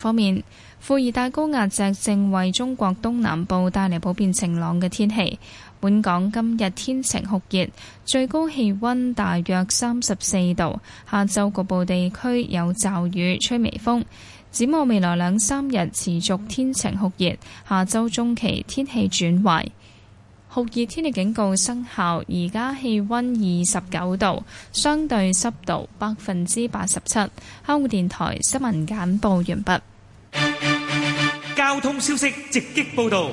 方面，副熱帶高壓脊正為中國東南部帶嚟普遍晴朗嘅天氣。本港今日天晴酷熱，最高氣溫大約三十四度。下晝局部地區有驟雨，吹微風。展望未來兩三日持續天晴酷熱，下周中期天氣轉壞，酷熱天氣警告生效。而家氣溫二十九度，相對濕度百分之八十七。香港電台新聞簡報完畢。交通消息直擊報道。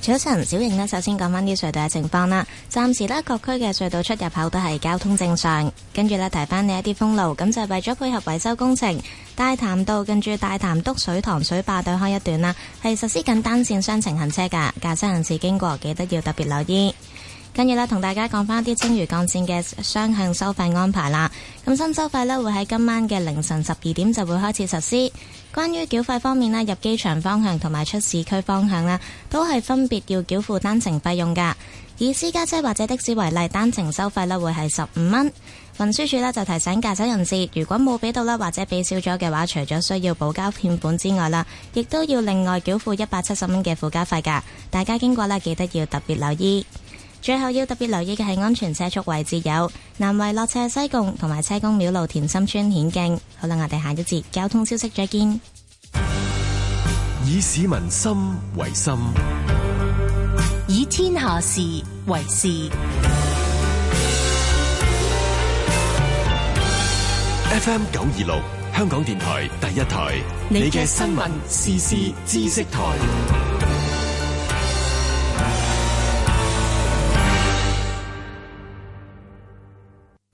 早晨，小瑩呢，首先講翻啲隧道嘅情況啦。暫時呢，各區嘅隧道出入口都係交通正常。跟住呢，提翻你一啲封路，咁就為咗配合維修工程，大潭道跟住大潭督水塘水壩對開一段啦，係實施緊單線雙程行車噶，駕駛人士經過記得要特別留意。跟住呢，同大家講翻啲青嶼幹線嘅雙向收費安排啦。咁新收費呢，會喺今晚嘅凌晨十二點就會開始實施。關於繳費方面啦，入機場方向同埋出市區方向啦，都係分別要繳付單程費用噶。以私家車或者的士為例，單程收費呢會係十五蚊。運輸署呢，就提醒駕駛人士，如果冇俾到啦，或者俾少咗嘅話，除咗需要補交欠款之外啦，亦都要另外繳付一百七十蚊嘅附加費噶。大家經過呢，記得要特別留意。最後要特別留意嘅，係安全車速位置有南圍落斜西貢，同埋車公廟路田心村顯徑。好啦，我哋下一節交通消息再見。以市民心為心，以天下事為事。F M 九二六香港電台第一台，你嘅新聞時事知識台。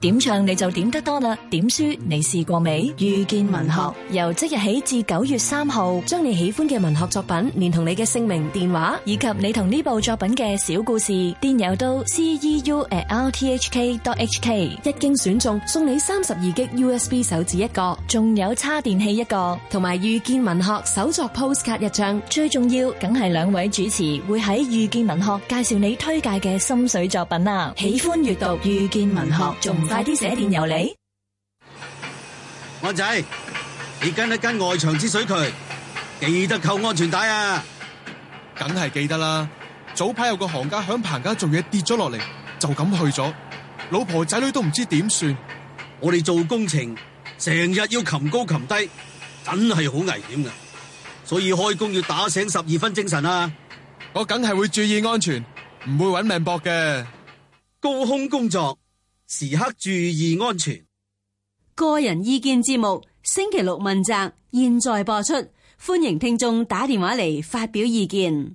點唱你就點得多啦，點書你試過未？遇見文學由即日起至九月三號，將你喜歡嘅文學作品，連同你嘅姓名、電話以及你同呢部作品嘅小故事，電郵到 ceu@rthk.hk。一經選中，送你三十二 G U S B 手指一個，仲有叉電器一個，同埋遇見文學手作 postcard 一張。最重要，梗係兩位主持會喺遇見文學介紹你推介嘅心水作品啦！喜歡閱讀，遇見文學仲。快啲寫電郵你，安仔，你跟一間外牆之水渠，記得扣安全帶啊！梗係記得啦。早排有個行家響棚架做嘢跌咗落嚟，就咁去咗，老婆仔女都唔知點算。我哋做工程，成日要擒高擒低，梗係好危險噶。所以開工要打醒十二分精神啊！我梗係會注意安全，唔會搵命搏嘅。高空工作，時刻注意安全。個人意見節目，星期六問責，現在播出，歡迎聽眾打電話嚟發表意見。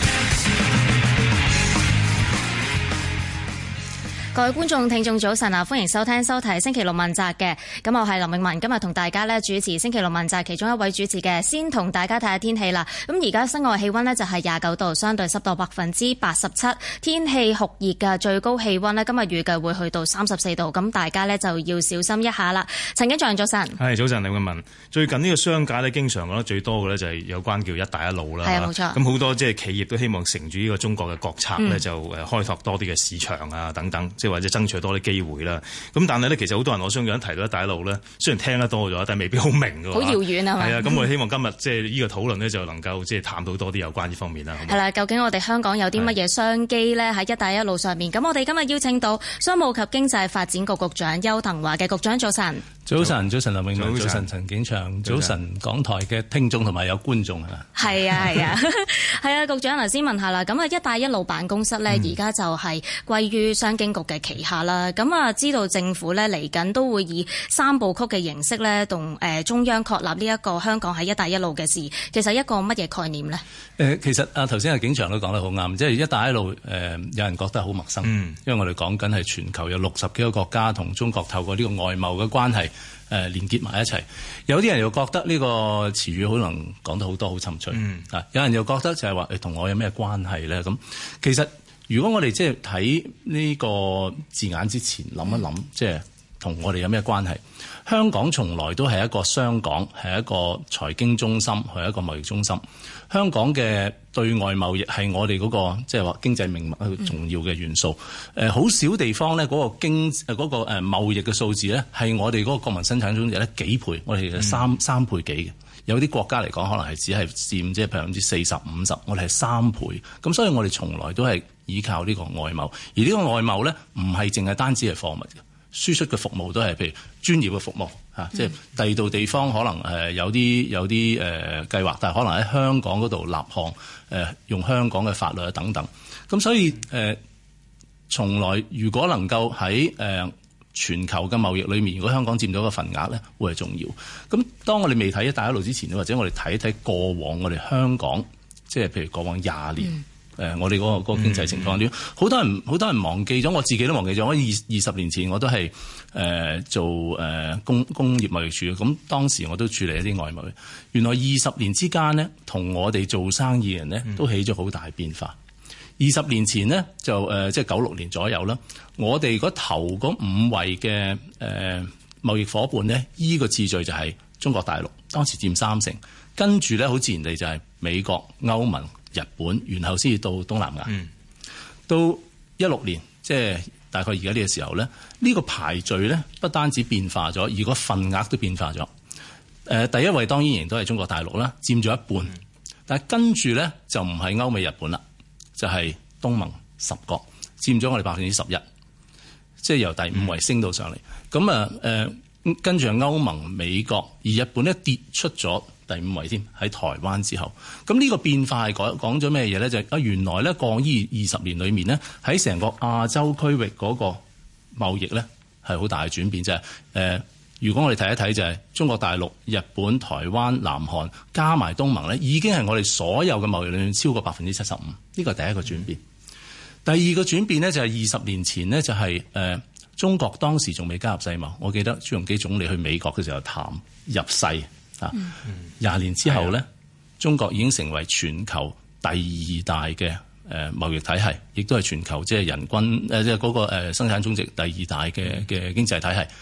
各位觀眾、聽眾，早晨啊！歡迎收聽、收睇星期六問責嘅，咁我係林詠雯，今日同大家呢主持星期六問責其中一位主持嘅。先同大家睇下天氣啦。咁而家室外氣温呢，就係廿九度，相對濕度百分之八十七，天氣酷熱嘅，最高氣温呢，今日預計會去到三十四度，咁大家呢，就要小心一下啦。陳景祥早晨。係早晨，林詠雯。最近呢個商界呢，經常講得最多嘅呢，就係有關叫一帶一路啦，係冇錯。咁好多即係企業都希望乘住呢個中國嘅國策呢，嗯、就誒開拓多啲嘅市場啊，等等。即或者爭取多啲機會啦，咁但係咧，其實好多人我相信提到咧，一帶一路咧，雖然聽得多咗，但係未必好明嘅話。好遙遠啊！係啊，咁我希望今日即係呢個討論咧，就能夠即係探討多啲有關呢方面啦。係啦，究竟我哋香港有啲乜嘢商機咧？喺一帶一路上面，咁的我哋今日邀請到商務及經濟發展局局長邱騰華嘅局長，早晨。早晨，早晨上，林詠雯早晨上，陳景祥，早晨，港台嘅聽眾同埋有觀眾啊！係啊，係啊，係啊，局長，頭先 問一下啦。咁啊，一帶一路辦公室咧，而家就係歸於商經局嘅旗下啦。咁啊，知道政府咧嚟緊都會以三部曲嘅形式咧，同誒中央確立呢一個香港喺一帶一路嘅事。其實一個乜嘢概念咧？誒、嗯，其實啊頭先阿景祥都講得好啱，即係一帶一路誒，有人覺得好陌生，因為我哋講緊係全球有六十幾個國家同中國透過呢個外貿嘅關係。誒連結埋一齊，有啲人又覺得呢個詞語可能講得好多很趣，好沉醉。嗯，啊，有人又覺得就係話誒同我有咩關係咧？咁其實如果我哋即係睇呢個字眼之前諗一諗，即係同我哋有咩關係？香港從來都係一個商港，係一個財經中心，係一個貿易中心。香港嘅對外貿易係我哋嗰、嗰個即係話經濟命脈重要嘅元素。好少地方咧，嗰個經嗰、嗰個貿貿易嘅數字咧係我哋嗰個國民生產總值呢幾倍？我哋其實三、嗯、三倍幾嘅。有啲國家嚟講，可能係只係佔即係百分之四十五十，50，我哋係三倍。咁所以我哋從來都係依靠呢個外貿，而呢個外貿咧唔係淨係單止係貨物嘅。輸出嘅服務都係，譬如專業嘅服務嚇，即係第二度地方可能誒有啲有啲誒計劃，但係可能喺香港嗰度立項誒，用香港嘅法律啊等等。咁所以誒，從來如果能夠喺誒全球嘅貿易裏面，如果香港佔到個份額咧，會係重要。咁當我哋未睇一帶一路之前，或者我哋睇一睇過往我哋香港，即係譬如過往廿年。嗯誒、呃，我哋嗰、那個經濟、那個、經濟情況點，好、嗯、多人好多人忘記咗，我自己都忘記咗。我二二十年前我都係誒、呃、做誒、呃、工工業貿易處，咁當時我都處理一啲外貿。原來二十年之間呢，同我哋做生意人呢都起咗好大變化。二十、嗯、年前呢，就誒即係九六年左右啦，我哋嗰頭嗰五位嘅誒、呃、貿易伙伴呢，依、這個次序就係中國大陸，當時佔三成，跟住咧好自然地就係美國歐盟。日本，然後先至到東南亞。嗯、到一六年，即、就、係、是、大概而家呢個時候咧，呢、這個排序咧不單止變化咗，而個份額都變化咗。誒、呃，第一位當然仍然都係中國大陸啦，佔咗一半。但係跟住咧就唔係歐美日本啦，就係、是、東盟十國佔咗我哋百分之十一，即係由第五位升到上嚟。咁啊誒，跟住歐盟、美國，而日本咧跌出咗。第五位添，喺台灣之後，咁呢個變化係講，講咗咩嘢呢？就係啊，原來呢，降二二十年裏面呢，喺成個亞洲區域嗰個貿易呢，係好大嘅轉變就誒、是呃，如果我哋睇一睇就係、是、中國大陸、日本、台灣、南韓加埋東盟呢，已經係我哋所有嘅貿易量超過百分之七十五。呢個第一個轉變，第二個轉變呢，就係二十年前呢，就係、是、誒、呃、中國當時仲未加入世貿。我記得朱鎔基總理去美國嘅時候談入世。廿、嗯、年之後咧，啊、中國已經成為全球第二大嘅誒貿易體系，亦都係全球即係人均誒即係嗰個生產總值第二大嘅嘅經濟體系。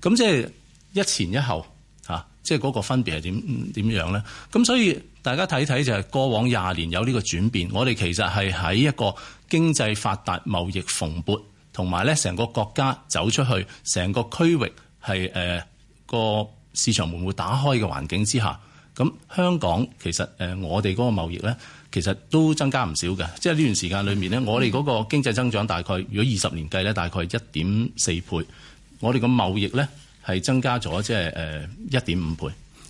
咁即係一前一後嚇，即係嗰個分別係點點樣咧？咁所以大家睇睇就係過往廿年有呢個轉變，我哋其實係喺一個經濟發達、貿易蓬勃，同埋咧成個國家走出去，成個區域係誒、呃、個。市場會唔會打開嘅環境之下，咁香港其實誒我哋嗰個貿易咧，其實都增加唔少嘅。即係呢段時間裡面咧，我哋嗰個經濟增長大概如果二十年計咧，大概一點四倍。我哋嘅貿易咧係增加咗即係誒一點五倍。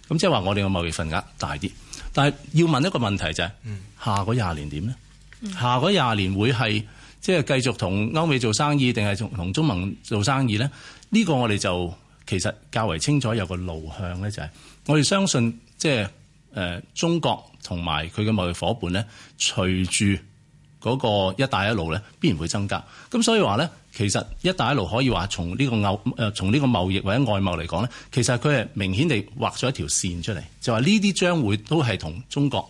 咁即係話我哋嘅貿易份額大啲。但係要問一個問題就係、是，下嗰廿年點咧？下嗰廿年會係即係繼續同歐美做生意，定係同同中盟做生意咧？呢、這個我哋就。其實較為清楚有個路向咧，就係我哋相信，即係誒中國同埋佢嘅貿易夥伴咧，隨住嗰個一帶一路咧，必然會增加。咁所以話咧，其實一帶一路可以話從呢個貿誒從呢個貿易或者外貿嚟講咧，其實佢係明顯地畫咗一條線出嚟，就話呢啲將會都係同中國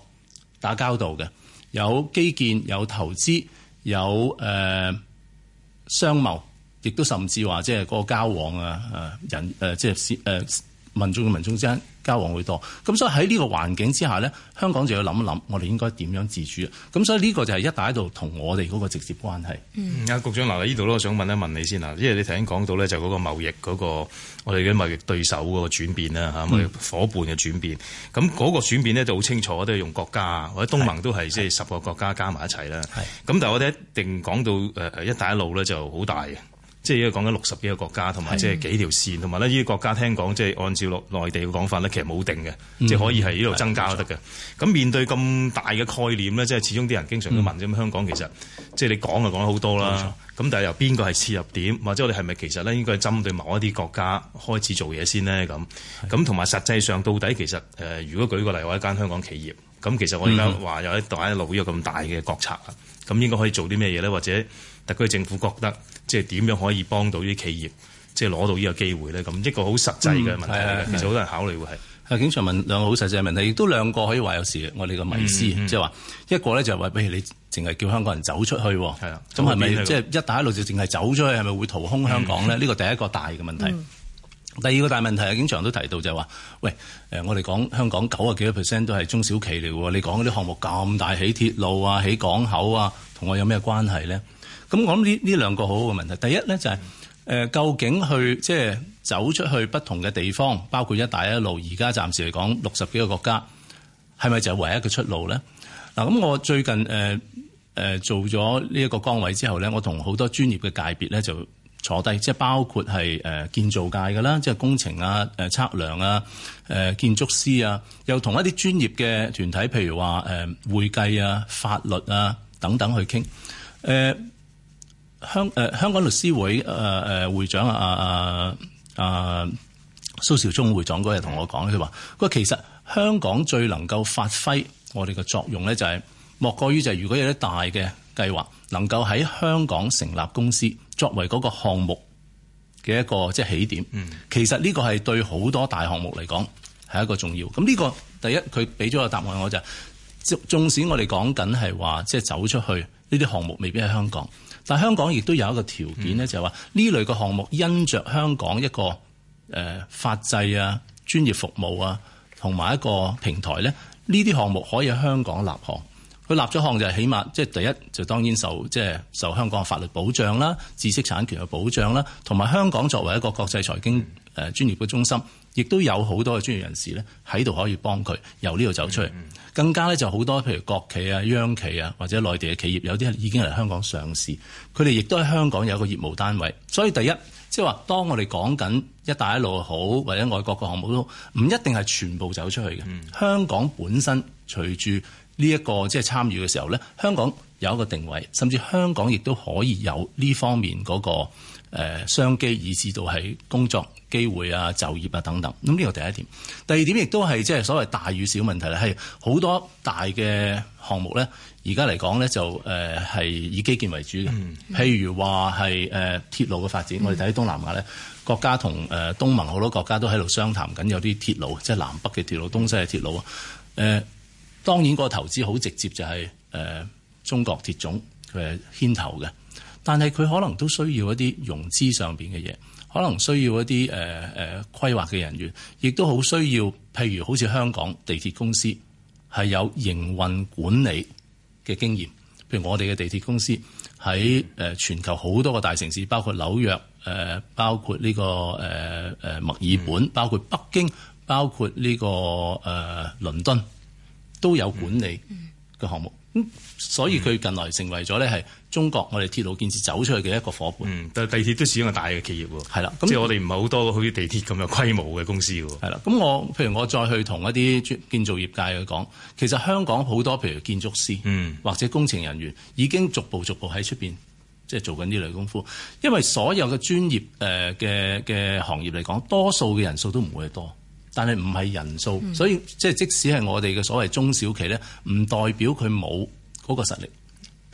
打交道嘅，有基建、有投資、有誒、呃、商貿。亦都甚至話，即係嗰個交往啊，人即係誒民眾嘅民眾之間交往會多。咁所以喺呢個環境之下咧，香港就要諗一諗，我哋應該點樣自主。啊？咁所以呢個就係一帶一路同我哋嗰個直接關係。嗯，啊、嗯，局長嗱，呢度咧，我想問一問你先嗱，因為你頭先講到咧，就嗰個貿易嗰、嗰個，我哋嘅貿易對手嗰、嗰個轉變啦嚇，貿易伙伴嘅轉變。咁嗰個轉變咧就好清楚，都係用國家或者東盟都係即係十個國家加埋一齊啦。咁但係我哋一定講到誒一帶一路咧就好大嘅。即係講緊六十幾個國家，同埋即係幾條線，同埋咧呢啲國家聽講，即、就、係、是、按照內地嘅講法咧，其實冇定嘅，即係、嗯、可以係呢度增加都得嘅。咁的面對咁大嘅概念咧，即係、嗯、始終啲人經常都問咁、嗯、香港其實即係、就是、你講就講好多啦。咁、嗯、但係由邊個係切入點，或者我哋係咪其實咧應該針對某一啲國家開始做嘢先呢？咁咁同埋實際上到底其實誒、呃，如果舉個例話一間香港企業，咁其實我而家話有一帶一路呢個咁大嘅國策啦，咁、嗯、應該可以做啲咩嘢咧？或者特區政府覺得？即係點樣可以幫到啲企業，即係攞到呢個機會咧？咁一個好實際嘅問題，嗯啊啊啊、其實好多人考慮會係。啊，景祥問兩個好實際嘅問題，亦都兩個可以話有時我哋嘅迷思，即係話一個咧就係話，譬、哎、如你淨係叫香港人走出去，咁係咪即係一帶一路就淨係走出去，係咪會掏空香港咧？呢個、嗯、第一個大嘅問題。嗯、第二個大問題啊，景祥都提到就係話，喂，呃、我哋講香港九啊幾多 percent 都係中小企嚟喎，你講嗰啲項目咁大，起鐵路啊，起港口啊，同我有咩關係咧？咁我諗呢呢兩個好好嘅問題，第一咧就係、是、誒究竟去即係、就是、走出去不同嘅地方，包括「一帶一路」，而家暫時嚟講六十幾個國家，係咪就係唯一嘅出路咧？嗱，咁我最近誒誒做咗呢一個崗位之後咧，我同好多專業嘅界別咧就坐低，即係包括係誒建造界㗎啦，即係工程啊、誒測量啊、誒建築師啊，又同一啲專業嘅團體，譬如話誒會計啊、法律啊等等去傾誒。香誒香港律師會誒誒、呃、會長啊啊啊蘇兆忠會長嗰日同我講，佢話，佢其實香港最能夠發揮我哋嘅作用咧，就係，就係莫過於就係如果有啲大嘅計劃，能夠喺香港成立公司，作為嗰個項目嘅一個即係起點。嗯、其實呢個係對好多大項目嚟講係一個重要。咁呢個第一，佢俾咗個答案我，我就縱、是、使我哋講緊係話即係走出去，呢啲項目未必喺香港。但香港亦都有一個條件咧，嗯、就係話呢類嘅項目因着香港一個誒、呃、法制啊、專業服務啊，同埋一個平台咧，呢啲項目可以喺香港立項。佢立咗項就係起碼，即係第一就當然受即係受香港嘅法律保障啦、知識產權嘅保障啦，同埋香港作為一個國際財經誒專業嘅中心，亦、嗯、都有好多嘅專業人士咧喺度可以幫佢由呢度走出去。嗯嗯更加咧就好多譬如國企啊、央企啊，或者內地嘅企業有啲已經嚟香港上市，佢哋亦都喺香港有一個業務單位。所以第一，即係話當我哋講緊一帶一路好，或者外國嘅項目都，唔一定係全部走出去嘅。嗯、香港本身隨住呢一個即係參與嘅時候呢，香港有一個定位，甚至香港亦都可以有呢方面嗰、嗰個。誒商機以至到係工作機會啊、就業啊等等，咁呢個第一點。第二點亦都係即係所謂大與小問題啦，係好多大嘅項目咧，而家嚟講咧就誒係以基建為主嘅。譬如話係誒鐵路嘅發展，我哋睇東南亞咧，國家同誒東盟好多國家都喺度商談緊有啲鐵路，即係南北嘅鐵路、東西嘅鐵路啊。誒當然個投資好直接就係誒中國鐵總佢係牽頭嘅。但係佢可能都需要一啲融資上面嘅嘢，可能需要一啲誒誒規劃嘅人員，亦都好需要，譬如好似香港地鐵公司係有營運管理嘅經驗，譬如我哋嘅地鐵公司喺誒全球好多個大城市，包括紐約，誒、呃、包括呢、這個誒誒墨爾本，嗯、包括北京，包括呢、這個誒、呃、倫敦，都有管理嘅項目。咁所以佢近來成為咗咧，係中國我哋鐵路建設走出去嘅一個伙伴。嗯，但係地鐵都始終係一個大嘅企業喎。係啦，即係我哋唔係好多好似地鐵咁嘅規模嘅公司喎。係啦，咁我譬如我再去同一啲建造業界去講，其實香港好多譬如建築師，嗯，或者工程人員，已經逐步逐步喺出邊即係做緊呢類功夫，因為所有嘅專業誒嘅嘅行業嚟講，多數嘅人數都唔會多。但係唔係人數，所以即係即使係我哋嘅所謂中小企呢，唔代表佢冇嗰個實力。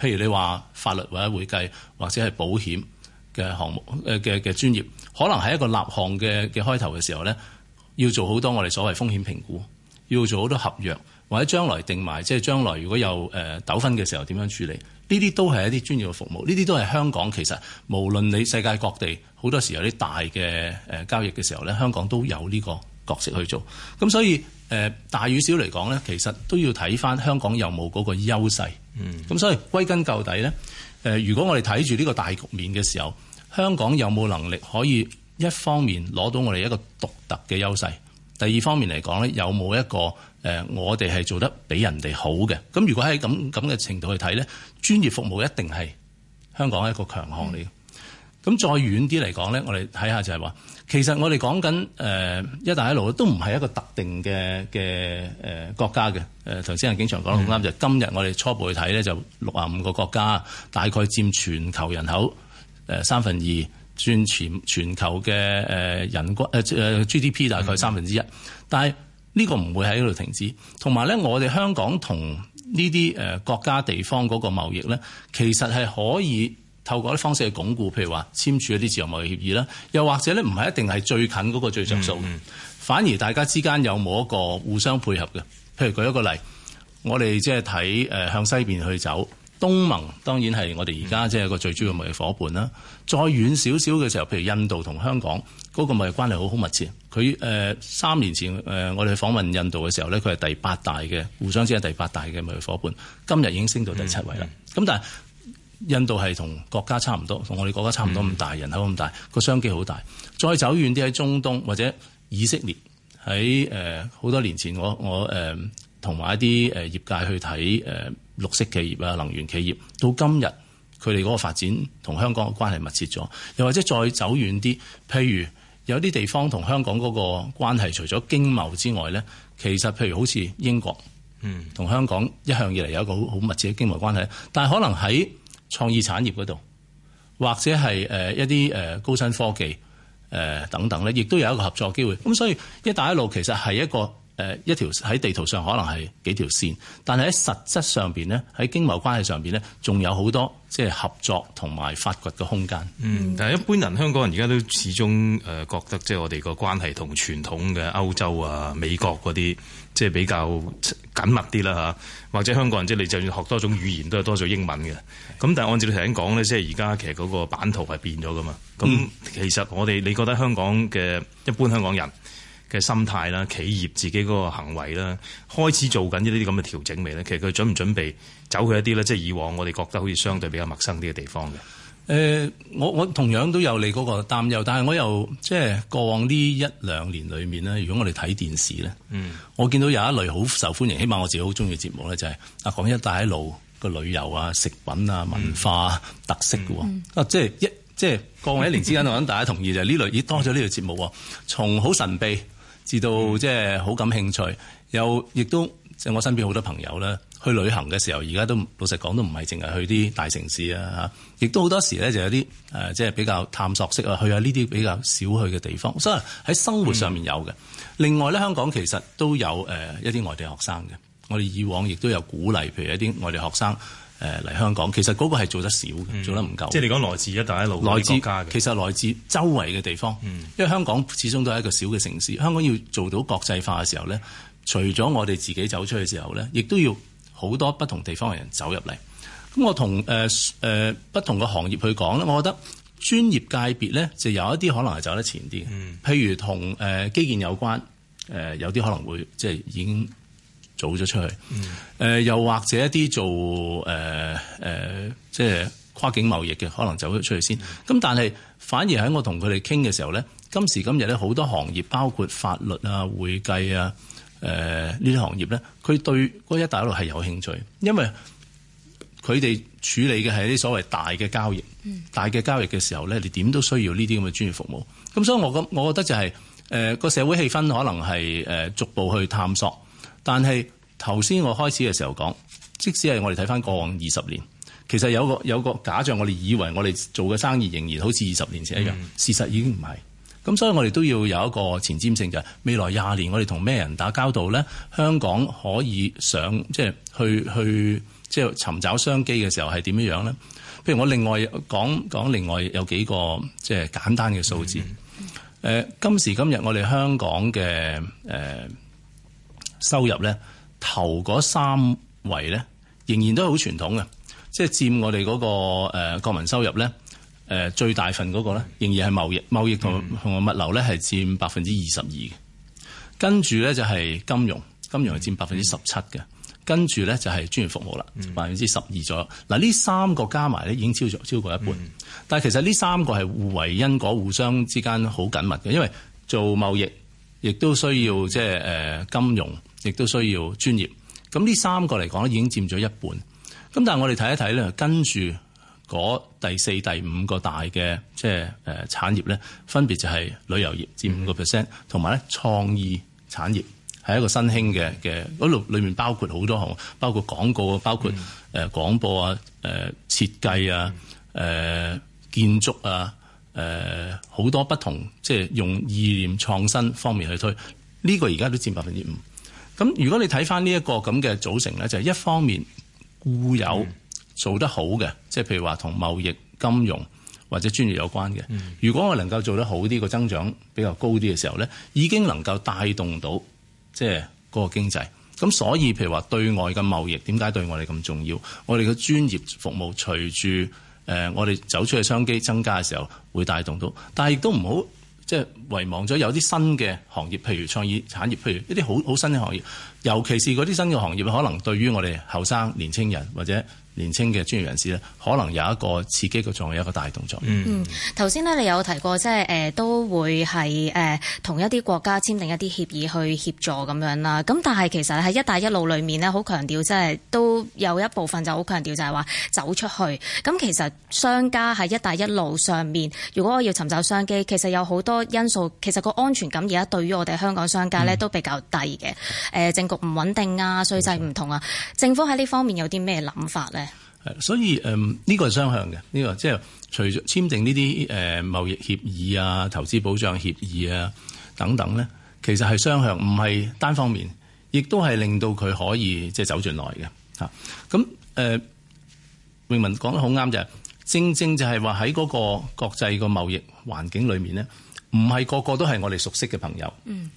譬如你話法律或者會計或者係保險嘅項目，誒嘅嘅專業，可能係一個立項嘅嘅開頭嘅時候呢，要做好多我哋所謂風險評估，要做好多合約，或者將來定埋即係將來如果有誒糾紛嘅時候點樣處理？呢啲都係一啲專業嘅服務。呢啲都係香港其實無論你世界各地好多時候有啲大嘅誒交易嘅時候呢，香港都有呢個角色去做，咁所以誒大與小嚟講咧，其實都要睇翻香港有冇嗰個優勢，嗯，咁所以歸根究底咧，誒如果我哋睇住呢個大局面嘅時候，香港有冇能力可以一方面攞到我哋一個獨特嘅優勢，第二方面嚟講咧，有冇一個誒我哋係做得比人哋好嘅？咁如果喺咁咁嘅程度去睇咧，專業服務一定係香港一個強項嚟咁再遠啲嚟講咧，我哋睇下就係、是、話，其實我哋講緊誒一帶一路都唔係一個特定嘅嘅誒國家嘅。誒頭先阿景祥講得好啱，就、嗯、今日我哋初步去睇咧，就六啊五十五個國家，大概佔全球人口誒、呃、三分二，佔全全球嘅誒人均、呃、GDP 大概三分之一。嗯、但係呢個唔會喺呢度停止，同埋咧我哋香港同呢啲誒國家地方嗰個貿易咧，其實係可以。透過啲方式去鞏固，譬如話簽署一啲自由貿易協議啦，又或者咧唔係一定係最近嗰個最著數，嗯嗯、反而大家之間有冇一個互相配合嘅？譬如舉一個例，我哋即係睇誒向西邊去走，東盟當然係我哋而家即係個最主要嘅貿易伙伴啦。再遠少少嘅時候，譬如印度同香港嗰、那個貿易關係好好密切。佢誒三年前誒、呃、我哋訪問印度嘅時候咧，佢係第八大嘅互相即係第八大嘅貿易伙伴，今日已經升到第七位啦。咁、嗯嗯、但係印度係同國家差唔多，同我哋國家差唔多咁大，嗯、人口咁大，個商機好大。再走遠啲，喺中東或者以色列，喺誒好多年前，我我誒同埋一啲誒業界去睇誒綠色企業啊、能源企業，到今日佢哋嗰個發展同香港嘅關係密切咗。又或者再走遠啲，譬如有啲地方同香港嗰個關係，除咗經貿之外咧，其實譬如好似英國，嗯，同香港一向以嚟有一個好好密切嘅經貿關係，但係可能喺創意產業嗰度，或者係一啲高新科技等等咧，亦都有一個合作機會。咁所以一帶一路其實係一個。誒一條喺地圖上可能係幾條線，但係喺實質上邊咧，喺經貿關係上邊咧，仲有好多即係合作同埋發掘嘅空間。嗯，但係一般人香港人而家都始終誒覺得即係我哋個關係同傳統嘅歐洲啊、美國嗰啲即係比較緊密啲啦吓，或者香港人即係你就算學多種語言都係多數英文嘅。咁但係按照你頭先講咧，即係而家其實嗰個版圖係變咗噶嘛。咁其實我哋、嗯、你覺得香港嘅一般香港人？嘅心態啦，企業自己嗰個行為啦，開始做緊呢啲咁嘅調整未咧？其實佢準唔準備走去一啲咧？即係以往我哋覺得好似相對比較陌生啲嘅地方嘅。誒、呃，我我同樣都有你嗰個擔憂，但係我又即係過往呢一兩年裡面咧，如果我哋睇電視咧，嗯、我見到有一類好受歡迎，起碼我自己好中意嘅節目咧，就係、是、啊講一帶一路個旅遊啊、食品啊、文化、嗯、特色喎、哦嗯啊。即係一即係過往一年之間，我諗大家同意就係、是、呢類，咦多咗呢類節目喎，從好神秘，至到即係好感興趣，又亦都即係我身邊好多朋友呢去旅行嘅時候，而家都老實講都唔係淨係去啲大城市啊，嚇！亦都好多時咧就有啲誒，即係比較探索式啊，去下呢啲比較少去嘅地方，所以喺生活上面有嘅。嗯、另外咧，香港其實都有誒、呃、一啲外地學生嘅，我哋以往亦都有鼓勵，譬如一啲外地學生。誒嚟香港，其實嗰個係做得少的，做得唔夠、嗯。即係你講來自一帶一路來自國家嘅，其實來自周圍嘅地方。嗯、因為香港始終都係一個小嘅城市，香港要做到國際化嘅時候咧，除咗我哋自己走出去嘅時候咧，亦都要好多不同地方嘅人走入嚟。咁我同誒、呃呃、不同嘅行業去講咧，我覺得專業界別咧就有一啲可能係走得前啲、嗯、譬如同、呃、基建有關，誒、呃、有啲可能會即係、就是、已經。走咗出去，誒又或者一啲做誒誒、呃呃，即係跨境貿易嘅，可能走咗出去先。咁但係反而喺我同佢哋傾嘅時候咧，今時今日咧好多行業，包括法律啊、會計啊、誒呢啲行業咧，佢對嗰一帶一路係有興趣，因為佢哋處理嘅係啲所謂大嘅交易，大嘅交易嘅時候咧，你點都需要呢啲咁嘅專業服務。咁所以我咁，我覺得就係誒個社會氣氛可能係誒逐步去探索。但係頭先我開始嘅時候講，即使係我哋睇翻過往二十年，其實有個有個假象，我哋以為我哋做嘅生意仍然好似二十年前一樣，mm hmm. 事實已經唔係。咁所以我哋都要有一個前瞻性，就係未來廿年，我哋同咩人打交道呢？香港可以上即係去去即係尋找商機嘅時候係點樣呢？譬如我另外講講另外有幾個即係簡單嘅數字。Mm hmm. 今時今日我哋香港嘅誒。呃收入咧，頭嗰三圍咧，仍然都係好傳統嘅，即係佔我哋嗰、那個誒、呃、國民收入咧，誒、呃、最大份嗰個咧，仍然係貿易，嗯、貿易同同物流咧係佔百分之二十二嘅，跟住咧就係、是、金融，金融係佔百分之十七嘅，嗯、跟住咧就係、是、專業服務啦，百分之十二咗。嗱，呢、嗯啊、三個加埋咧已經超咗超過一半，嗯、但其實呢三個係互為因果、互相之間好緊密嘅，因為做貿易亦都需要即係、呃、金融。亦都需要專業咁，呢三個嚟講咧，已經佔咗一半。咁但係我哋睇一睇咧，跟住嗰第四、第五個大嘅，即係誒產業咧，分別就係旅遊業佔五個 percent，同埋咧創意產業係一個新興嘅嘅，嗰度裏面包括好多項目，包括廣告，包括誒廣播啊、誒設計啊、誒、呃、建築啊、好、呃、多不同，即係用意念創新方面去推呢、這個，而家都佔百分之五。咁如果你睇翻呢一個咁嘅組成咧，就係一方面固有做得好嘅，即係譬如話同貿易、金融或者專業有關嘅。如果我能夠做得好啲，個增長比較高啲嘅時候咧，已經能夠帶動到即係嗰個經濟。咁所以譬如話對外嘅貿易點解對我哋咁重要？我哋嘅專業服務隨住誒我哋走出去商機增加嘅時候，會帶動到，但係亦都唔好。即係遺忘咗有啲新嘅行業，譬如創意產業，譬如一啲好好新嘅行業，尤其是嗰啲新嘅行業，可能對於我哋後生、年青人或者。年青嘅專業人士咧，可能有一個刺激嘅作用，一個大動作。嗯，頭先呢，你有提過，即、就、係、是呃、都會係同、呃、一啲國家簽訂一啲協議去協助咁樣啦。咁但係其實喺一帶一路裏面呢，好強調，即、就、係、是、都有一部分就好強調就係話走出去。咁其實商家喺一帶一路上面，如果我要尋找商機，其實有好多因素。其實個安全感而家對於我哋香港商家呢，嗯、都比較低嘅、呃。政局唔穩定啊，稅制唔同啊，冇錯。政府喺呢方面有啲咩諗法呢？所以誒呢個係雙向嘅，呢、這個即係除咗簽訂呢啲誒貿易協議啊、投資保障協議啊等等咧，其實係雙向，唔係單方面，亦都係令到佢可以即係走進來嘅嚇。咁、啊、誒，永、呃、文講得好啱就係，正正就係話喺嗰個國際個貿易環境裡面咧，唔係個個都係我哋熟悉嘅朋友，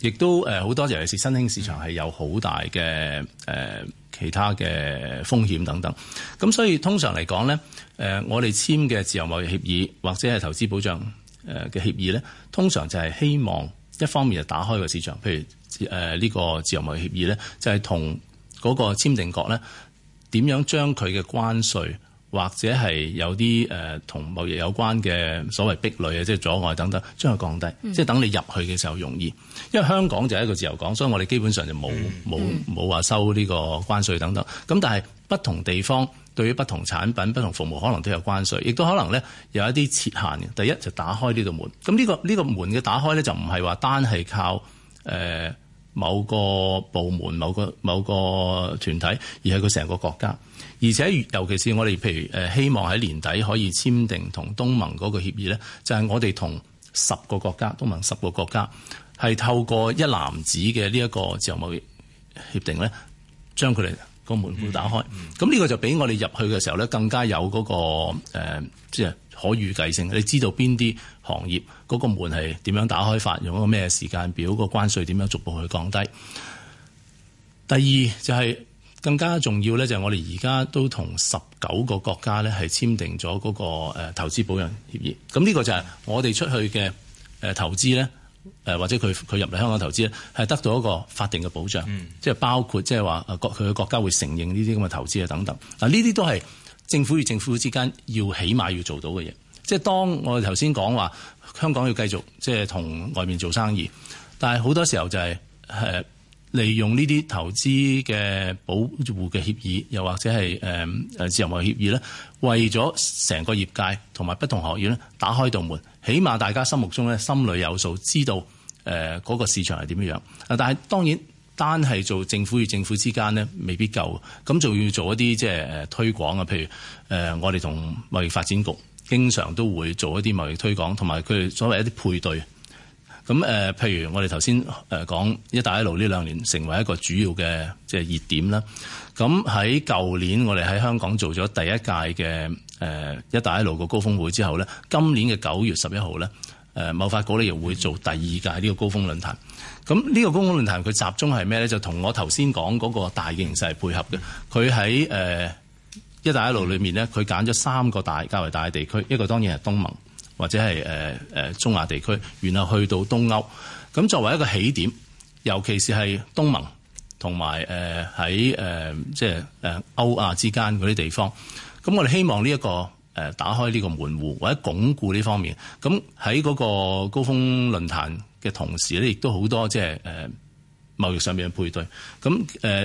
亦、嗯、都誒好、呃、多，尤其是新興市場係有好大嘅誒。呃其他嘅風險等等，咁所以通常嚟講呢，誒我哋簽嘅自由貿易協議或者係投資保障誒嘅協議呢，通常就係希望一方面就打開個市場，譬如誒呢個自由貿易協議呢，就係同嗰個簽訂國呢，點樣將佢嘅關稅，或者係有啲誒同貿易有關嘅所謂壁壘啊，即係阻礙等等，將佢降低，嗯、即係等你入去嘅時候容易。因為香港就係一個自由港，所以我哋基本上就冇冇冇話收呢個關稅等等。咁但係不同地方對於不同產品、不同服務，可能都有關稅，亦都可能咧有一啲設限嘅。第一就是、打開呢度門，咁呢、呢個呢、呢個門嘅打開咧就唔係話單係靠誒、呃、某個部門、某個某個團體，而係佢成個國家。而且尤其是我哋譬如誒希望喺年底可以簽訂同東盟嗰個協議咧，就係我哋同十個國家東盟十個國家係透過一籃子嘅呢一個自由貿易協定咧，將佢哋個門戶打開，咁呢個就俾我哋入去嘅時候咧，更加有嗰個誒，即係可預計性。你知道邊啲行業嗰個門係點樣打開法，用一個咩時間表，個關稅點樣逐步去降低。第二就係、是。更加重要咧，就係我哋而家都同十九個國家咧，係簽訂咗嗰個投資保障協議。咁、這、呢個就係我哋出去嘅投資咧，或者佢佢入嚟香港投資咧，係得到一個法定嘅保障，即係包括即係話佢嘅國家會承認呢啲咁嘅投資啊等等。嗱呢啲都係政府與政府之間要起碼要做到嘅嘢。即係當我哋頭先講話香港要繼續即係同外面做生意，但係好多時候就係、是利用呢啲投資嘅保護嘅協議，又或者係、呃、自由貿易協議咧，為咗成個業界同埋不同學院咧，打開道門，起碼大家心目中咧，心裏有數，知道、呃、嗰個市場係點樣。但係當然單係做政府與政府之間呢，未必夠，咁仲要做一啲即係、呃、推廣啊，譬如、呃、我哋同貿易發展局經常都會做一啲貿易推廣，同埋佢哋所謂一啲配對。咁誒，譬如我哋頭先誒講一帶一路呢兩年成為一個主要嘅即係熱點啦。咁喺舊年我哋喺香港做咗第一屆嘅誒一帶一路個高峰會之後呢，今年嘅九月十一號呢，誒某發局呢又會做第二屆呢個高峰論壇。咁呢個高峰論壇佢集中係咩呢？就同我頭先講嗰個大嘅形勢係配合嘅。佢喺誒一帶一路裏面呢，佢揀咗三個大較為大嘅地區，一個當然係東盟。或者係誒誒中亞地區，然後去到東歐，咁作為一個起點，尤其是係東盟同埋誒喺誒即係誒歐亞之間嗰啲地方，咁我哋希望呢一個誒打開呢個門戶，或者鞏固呢方面。咁喺嗰個高峰論壇嘅同時咧，亦都好多即係誒貿易上面嘅配對。咁誒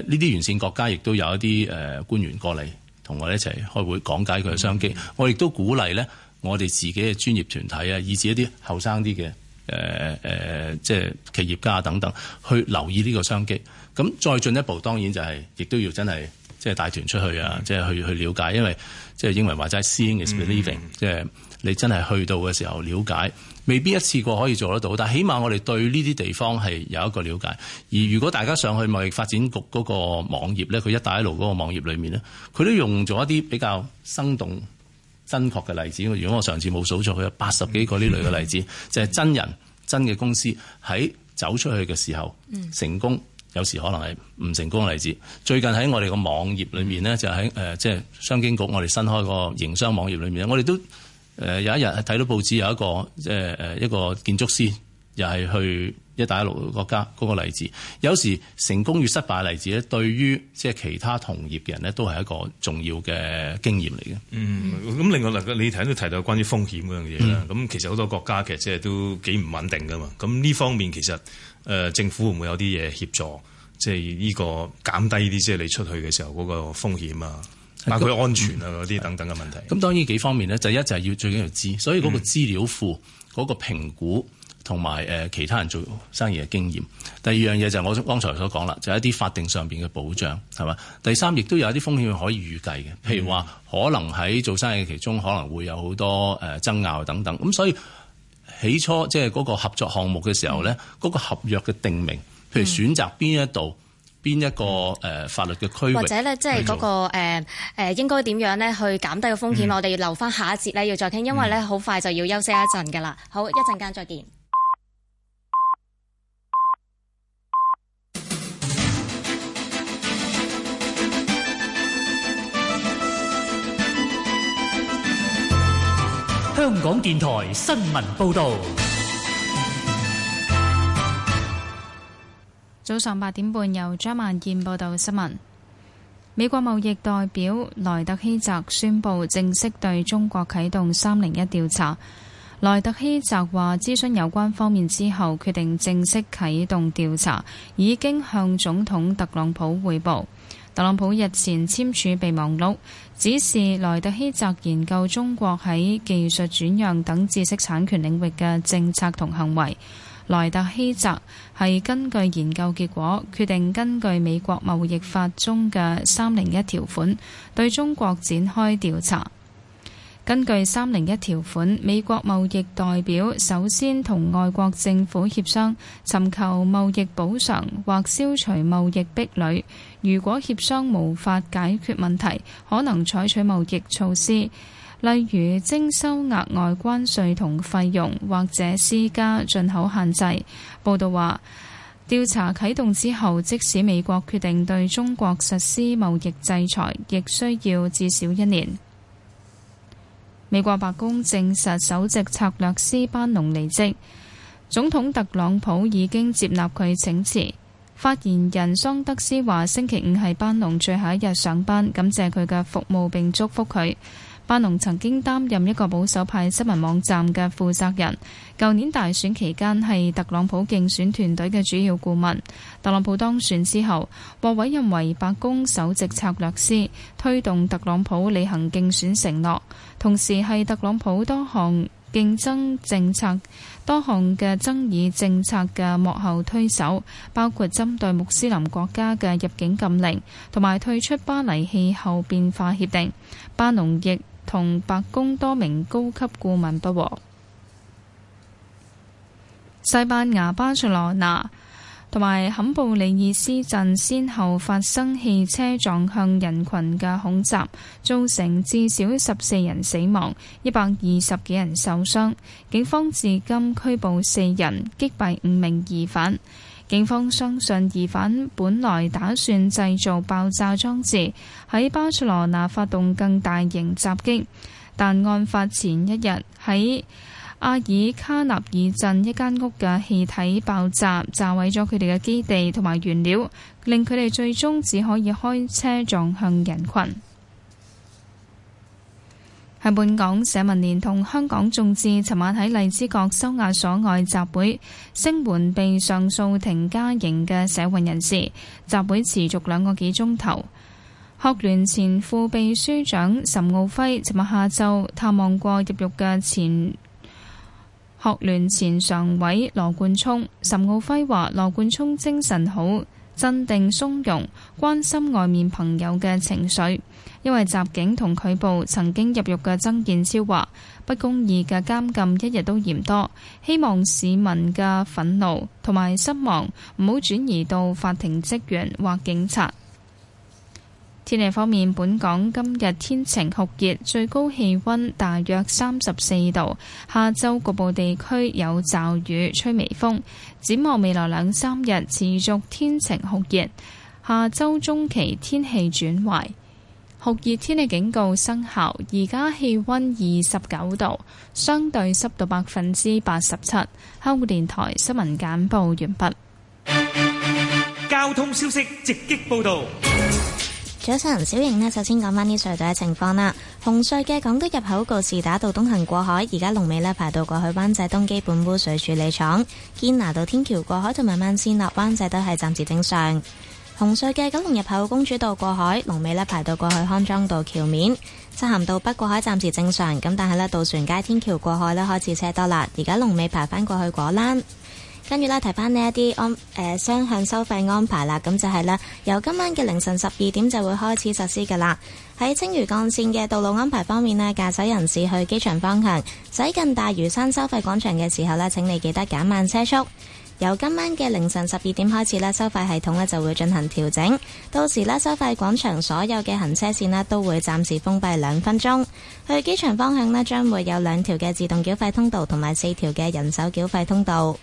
呢啲沿線國家亦都有一啲誒官員過嚟同我哋一齊開會講解佢嘅商機。我亦都鼓勵咧。我哋自己嘅專業團體啊，以至一啲後生啲嘅誒誒，即係企業家等等，去留意呢個商機。咁再進一步，當然就係、是、亦都要真係即係帶團出去啊，即係去去了解，因為即係英文話齋 seeing is believing。嗯、即係你真係去到嘅時候了解，未必一次過可以做得到，但係起碼我哋對呢啲地方係有一個了解。而如果大家上去貿易發展局嗰個網頁咧，佢一帶一路嗰個網頁裏面咧，佢都用咗一啲比較生動，真確嘅例子，如果我上次冇數錯，佢有八十幾個呢類嘅例子，就係真人真嘅公司喺走出去嘅時候成功，有時可能係唔成功嘅例子。最近喺我哋個網頁裏面咧，就喺誒即係商經局我哋新開個營商網頁裏面咧，我哋都誒有一日係睇到報紙有一個誒誒一個建築師。又係去一帶一路的國家嗰、那個例子，有時成功與失敗嘅例子咧，對於即係其他同業嘅人咧，都係一個重要嘅經驗嚟嘅。嗯，咁另外嗱，你頭先都提到關於風險嗰樣嘢啦，咁、嗯、其實好多國家其實即係都幾唔穩定㗎嘛。咁呢方面其實誒政府會唔會有啲嘢協助，即係呢個減低啲即係你出去嘅時候嗰個風險啊，包括安全啊嗰啲、嗯、等等嘅問題？咁、嗯、當然幾方面咧，就一就係、是、要最緊要知，所以嗰個資料庫嗰、嗯、個評估。同埋誒其他人做生意嘅經驗。第二樣嘢就係我剛才所講啦，就係、一啲法定上面嘅保障係嘛。第三，亦都有一啲風險可以預計嘅，譬如話可能喺做生意嘅其中可能會有好多誒爭拗等等。咁所以起初即係嗰個合作項目嘅時候呢，嗰、嗯、個合約嘅定名，譬如選擇邊一度邊一個法律嘅區域，或者呢、那個，即係嗰個誒應應該點樣呢去減低嘅風險。嗯、我哋要留翻下，下一節呢，要再傾，因為呢好快就要休息一陣㗎啦。好，一陣間再見。香港電台新聞報道，早上八點半由張曼燕報道新聞。美國貿易代表萊特希澤宣佈正式對中國啟動三零一調查。萊特希澤話：諮詢有關方面之後，決定正式啟動調查，已經向總統特朗普匯報。特朗普日前簽署備忘錄，指示萊特希澤研究中國喺技術轉讓等知識產權領域嘅政策同行為。萊特希澤係根據研究結果，決定根據美國貿易法中嘅三零一條款對中國展開調查。根據三零一條款，美國貿易代表首先同外國政府協商，尋求貿易補償或消除貿易壁壘。如果協商無法解決問題，可能採取貿易措施，例如徵收額外關稅同費用，或者施加進口限制。報道話，調查啟動之後，即使美國決定對中國實施貿易制裁，亦需要至少一年。美國白宮證實首席策略師班農離職，總統特朗普已經接納佢請辭。發言人桑德斯話：星期五係班農最後一日上班，感謝佢嘅服務並祝福佢。班農曾經擔任一個保守派新聞網站嘅負責人，舊年大選期間係特朗普競選團隊嘅主要顧問。特朗普當選之後，獲委任為白宮首席策略師，推動特朗普履行競選承諾，同時係特朗普多項競爭政策。多項嘅爭議政策嘅幕後推手，包括針對穆斯林國家嘅入境禁令，同埋退出巴黎氣候變化協定。巴農亦同白宮多名高級顧問不和。西班牙巴塞羅那，同埋坎布里爾斯鎮先後發生汽車撞向人群嘅恐襲，造成至少十四人死亡，一百二十幾人受傷，警方至今拘捕四人，擊斃五名疑犯。警方相信疑犯本來打算製造爆炸裝置，喺巴塞羅那發動更大型襲擊，但案發前一日喺阿爾卡納爾鎮一間屋嘅氣體爆炸，炸毀咗佢哋嘅基地同埋原料，令佢哋最終只可以開車撞向人群。喺本港，社民連同香港眾志尋晚喺荔枝角收押所外集會，聲援被上訴庭加刑嘅社運人士。集會持續兩個幾鐘頭。學聯前副秘書長岑敖輝尋日下晝探望過入獄嘅前學聯前常委羅冠聰、岑敖暉話：羅冠聰精神好，鎮定從容，關心外面朋友嘅情緒。因為襲警同拒捕曾經入獄嘅曾健超話：不公義嘅監禁一日都嫌多，希望市民嘅憤怒同埋失望唔好轉移到法庭職員或警察。天氣方面，本港今日天晴酷熱，最高氣溫大約三十四度，下周局部地區有驟雨，吹微風。展望未來兩三日持續天晴酷熱，下周中期天氣轉壞。酷熱天氣警告生效，而家氣溫二十九度，相對濕度百分之八十七。香港電台新聞簡報完畢。交通消息直擊報道。早晨，小瑩呢，首先講返啲隧道嘅情況啦。紅隧嘅港島入口，告士打道東行過海，而家龍尾呢排到過去灣仔東基本污水處理廠，堅拿道天橋過海就慢慢先啦，灣仔都係暫時正常。紅隧嘅九龍入口，公主道過海龍尾呢排到過去康莊道，橋面漆咸道北過海暫時正常。咁但係呢，渡船街天橋過海呢，開始車多啦，而家龍尾排返過去果欄。跟住呢，提翻呢一啲安誒雙向收費安排啦。咁就係啦，由今晚嘅凌晨十二點就會開始實施㗎啦。喺青嶼幹線嘅道路安排方面呢，駕駛人士去機場方向，駛近大嶼山收費廣場嘅時候呢，請你記得減慢車速。由今晚嘅凌晨十二點開始呢，收費系統呢就會進行調整。到時呢，收費廣場所有嘅行車線呢都會暫時封閉兩分鐘。去機場方向呢，將會有兩條嘅自動繳費通道同埋四條嘅人手繳費通道。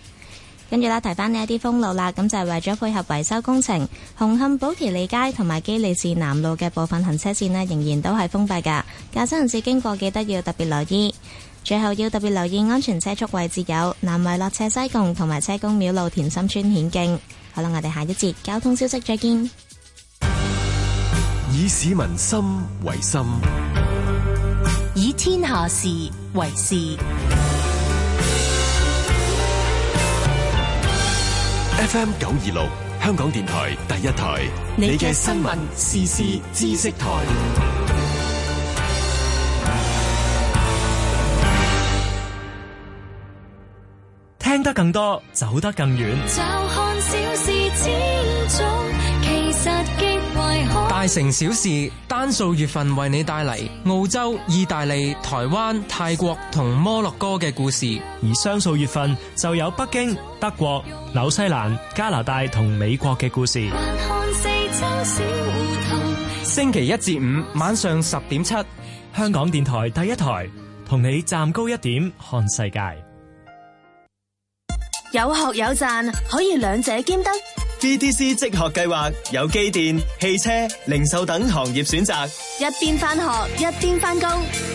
跟住啦，提翻呢一啲封路啦，咁就係、是、為咗配合維修工程，紅磡寶其利街同埋機利士南路嘅部分行車線呢，仍然都係封閉㗎。駕車人士經過，記得要特別留意，最後要特別留意安全車速位置，有南圍落斜西貢同埋車公廟路田心村顯徑。好啦，我哋下一節交通消息再見。以市民心為心，以天下事為事。FM 九二六，香港電台第一台，你嘅新聞時事知識台，聽得更多，走得更遠。大城小事，單數月份為你帶嚟澳洲、意大利、台灣、泰國同摩洛哥嘅故事，而雙數月份就有北京、德國、紐西蘭、加拿大同美國嘅故事。星期一至五晚上十點七，香港電台第一台同你站高一點看世界，有學有賺，可以兩者兼得。BTC 職學計劃有機電、汽車、零售等行業選擇，一邊返學一邊返工，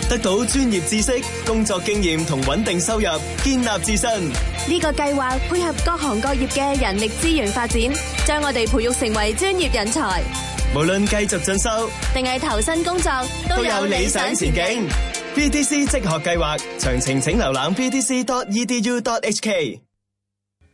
得到專業知識、工作經驗同穩定收入，建立自信。呢個計劃配合各行各業嘅人力資源發展，將我哋培育成為專業人才。無論繼續進修定係投身工作，都有理想前景。BTC 職學計劃詳情請瀏覽 btc.edu.hk。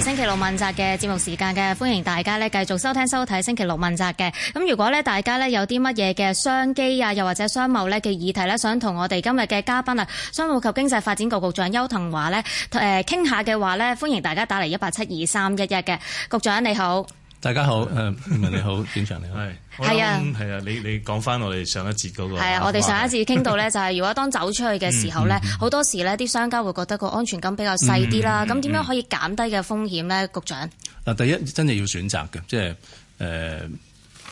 星期六問責嘅節目時間嘅，歡迎大家咧繼續收聽收睇星期六問責嘅。咁如果咧大家咧有啲乜嘢嘅商機啊，又或者商貿咧嘅議題咧，想同我哋今日嘅嘉賓啊，商務及經濟發展局局長邱騰華咧誒傾下嘅話咧，歡迎大家打嚟一八七二三一一嘅。局長你好。大家好，嗯， 你好，局長你好係係啊，係、嗯、啊，你你講翻我哋上一節嗰個係啊，我哋上一節傾到咧， 就係如果當走出去嘅時候咧，好 多時咧，啲商家會覺得個安全感比較細啲啦。咁點、 嗯、樣可以減低嘅風險咧，局長？嗱，第一真係要選擇嘅，即係誒。呃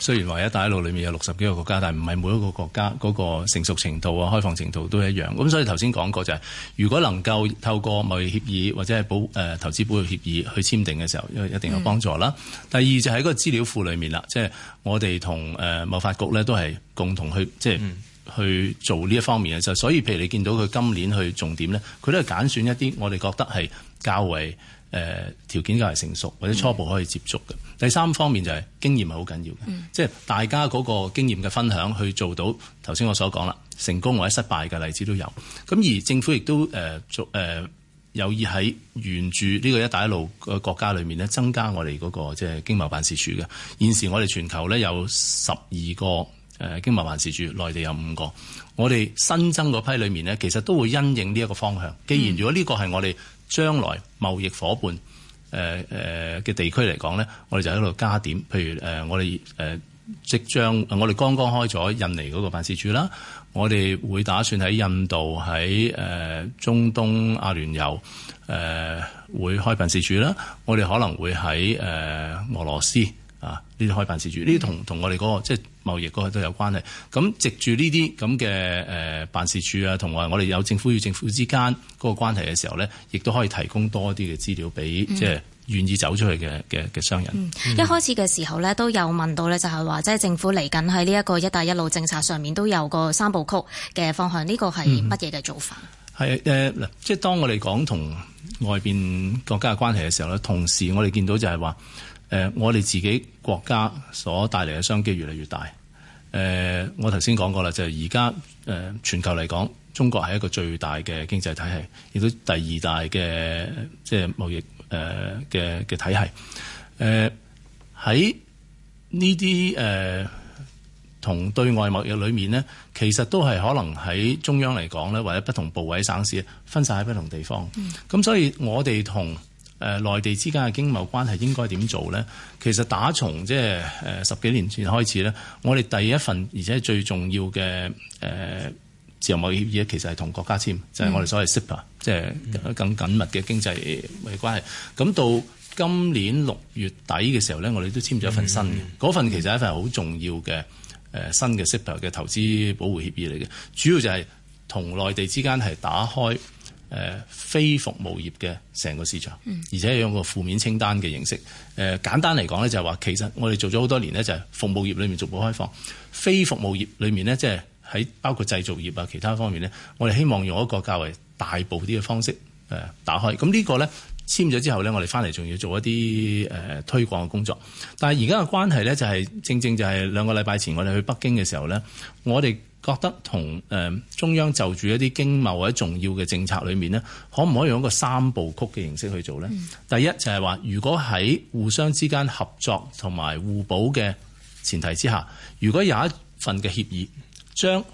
雖然話一帶一路裏面有六十幾個國家，但係唔係每一個國家嗰個成熟程度啊、開放程度都一樣。咁所以頭先講過就係、是，如果能夠透過貿易協議或者係保誒投資保護協議去簽訂嘅時候，因為一定有幫助啦。嗯、第二就喺嗰個資料庫裏面啦，即、就、係、是、我哋同誒貿發局咧都係共同去即係、就是、去做呢一方面嘅就，所以譬如你見到佢今年去重點咧，佢都係揀選一啲我哋覺得係較為誒條件夠係成熟，或者初步可以接觸嘅。嗯、第三方面就係、是、經驗係好緊要嘅，即係、嗯、大家嗰個經驗嘅分享，去做到頭先我所講啦，成功或者失敗嘅例子都有。咁而政府亦都誒、呃、做、呃、有意喺沿住呢個一帶一路嘅國家裏面咧，增加我哋嗰、那個即係、就是、經貿辦事處嘅。現時我哋全球咧有十二個誒、呃、經貿辦事處，內地有五個。我哋新增嗰批裏面呢，其實都會因應呢一個方向。既然如果呢個係我哋將來貿易伙伴誒誒嘅地區嚟講咧，我哋就喺度加點，譬如誒我哋誒即將我哋剛剛開咗印尼嗰個辦事處啦，我哋會打算喺印度，喺誒中東阿聯酋誒會開辦事處啦，我哋可能會喺誒俄羅斯。啲開辦事處，呢啲同同我哋嗰個即係貿易嗰個都有關係。咁藉住呢啲咁嘅誒辦事處啊，同埋我哋有政府與政府之間嗰個關係嘅時候咧，亦都可以提供多啲嘅資料俾即係願意走出去嘅嘅嘅商人。嗯嗯、一開始嘅時候咧，都有問到咧，就係話即係政府嚟緊喺呢一個一帶一路政策上面都有個三部曲嘅方向。呢、呢個係乜嘢嘅做法？係誒、嗯呃，即係當我哋講同外邊國家嘅關係嘅時候咧，同時我哋見到就係話。誒，我哋自己國家所帶嚟嘅商機越嚟越大。誒，我頭先講過啦，就係而家誒全球嚟講，中國係一個最大嘅經濟體系，亦都第二大嘅即係貿易誒嘅嘅體系。誒，喺呢啲誒同對外貿易裏面呢，其實都係可能喺中央嚟講咧，或者不同部委、省市分散喺不同地方。咁、嗯、所以，我哋同誒內地之間嘅經貿關係應該點做咧？其實打從即係十幾年前開始咧，我哋第一份而且最重要嘅誒自由貿易協議咧，其實係同國家簽，就係、是、我哋所謂 CEPA，即係更緊密嘅經濟關係。咁到今年六月底嘅時候咧，我哋都簽咗一份新嘅，嗰份其實係一份好重要嘅誒新嘅 CEPA 嘅投資保護協議嚟嘅，主要就係同內地之間係打開。誒非服務業嘅成個市場，而且用個負面清單嘅形式。誒簡單嚟講咧，就係話其實我哋做咗好多年呢，就係、是、服務業裏面逐步開放，非服務業裏面呢，即係喺包括製造業啊其他方面呢，我哋希望用一個較為大步啲嘅方式誒打開。咁、這、呢個呢，簽咗之後呢，我哋翻嚟仲要做一啲誒推廣嘅工作。但係而家嘅關係呢、就是，就係正正就係兩個禮拜前我哋去北京嘅時候呢，我哋。覺得同誒中央就住一啲經貿或者重要嘅政策裏面呢，可唔可以用一個三部曲嘅形式去做呢？嗯、第一就係、是、話，如果喺互相之間合作同埋互補嘅前提之下，如果有一份嘅協議，將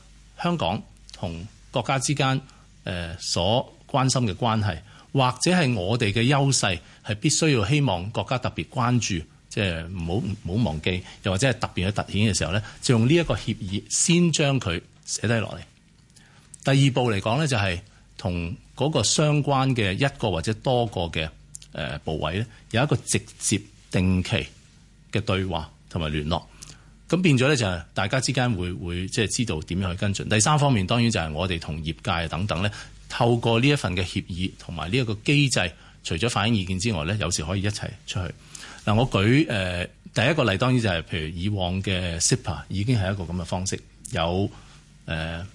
香港同國家之間誒所關心嘅關係，或者係我哋嘅優勢，係必須要希望國家特別關注。即係唔好唔好忘記，又或者係特別嘅突顯嘅時候咧，就用呢一個協議先將佢寫低落嚟。第二步嚟講咧，就係同嗰個相關嘅一個或者多個嘅誒部位咧，有一個直接定期嘅對話同埋聯絡。咁變咗咧，就大家之間會會即係知道點樣去跟進。第三方面當然就係我哋同業界等等咧，透過呢一份嘅協議同埋呢一個機制，除咗反映意見之外咧，有時可以一齊出去。嗱，我舉、呃、第一個例，當然就係、是、譬如以往嘅 SIPA 已經係一個咁嘅方式，有、呃、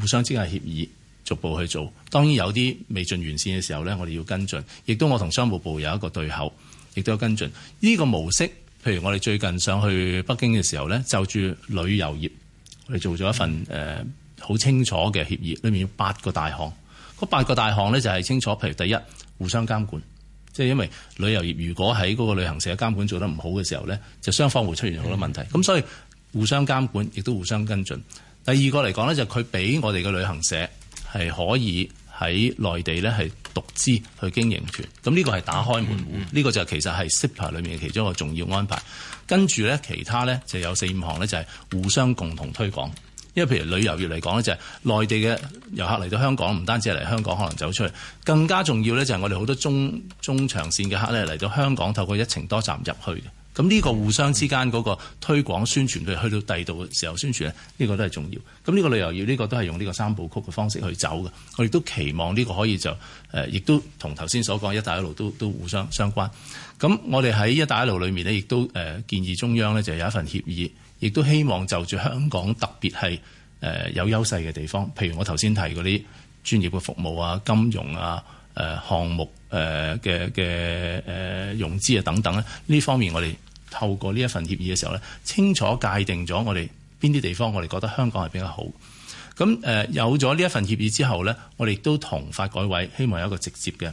互相之間嘅協議，逐步去做。當然有啲未盡完善嘅時候咧，我哋要跟進，亦都我同商務部有一個對口，亦都有跟進。呢、這個模式，譬如我哋最近上去北京嘅時候咧，就住旅遊業，我哋做咗一份誒好、呃、清楚嘅協議，裏面有八個大項。嗰八個大項咧就係清楚，譬如第一互相監管。即係因為旅遊業，如果喺嗰個旅行社監管做得唔好嘅時候呢，就雙方會出現好多問題。咁所以互相監管，亦都互相跟進。第二個嚟講呢，就佢、是、俾我哋嘅旅行社係可以喺內地呢係獨資去經營團。咁呢個係打開門戶，呢、嗯嗯、個就是其實係 CEPA 裡面嘅其中一個重要安排。跟住呢，其他呢就有四五項呢，就係互相共同推廣，因為譬如旅遊業嚟講呢，就係內地嘅遊客嚟到香港，唔單止係嚟香港可能走出去，更加重要呢，就係我哋好多中中長線嘅客呢嚟到香港，透過一程多站入去嘅。咁呢個互相之間嗰個推廣宣傳，佢去到第二度嘅時候宣傳呢，呢個都係重要。咁呢個旅遊業呢個都係用呢個三部曲嘅方式去走嘅。我亦都期望呢個可以就誒，亦都同頭先所講一帶一路都都互相相關。咁我哋喺一帶一路裏面呢亦都誒建議中央呢，就有一份協議。亦都希望就住香港特別係誒有優勢嘅地方，譬如我頭先提嗰啲專業嘅服務啊、金融啊、誒項目誒嘅嘅誒融資啊等等咧，呢方面我哋透過呢一份協議嘅時候咧，清楚界定咗我哋邊啲地方，我哋覺得香港係比較好。咁誒有咗呢一份協議之後咧，我哋都同發改委希望有一個直接嘅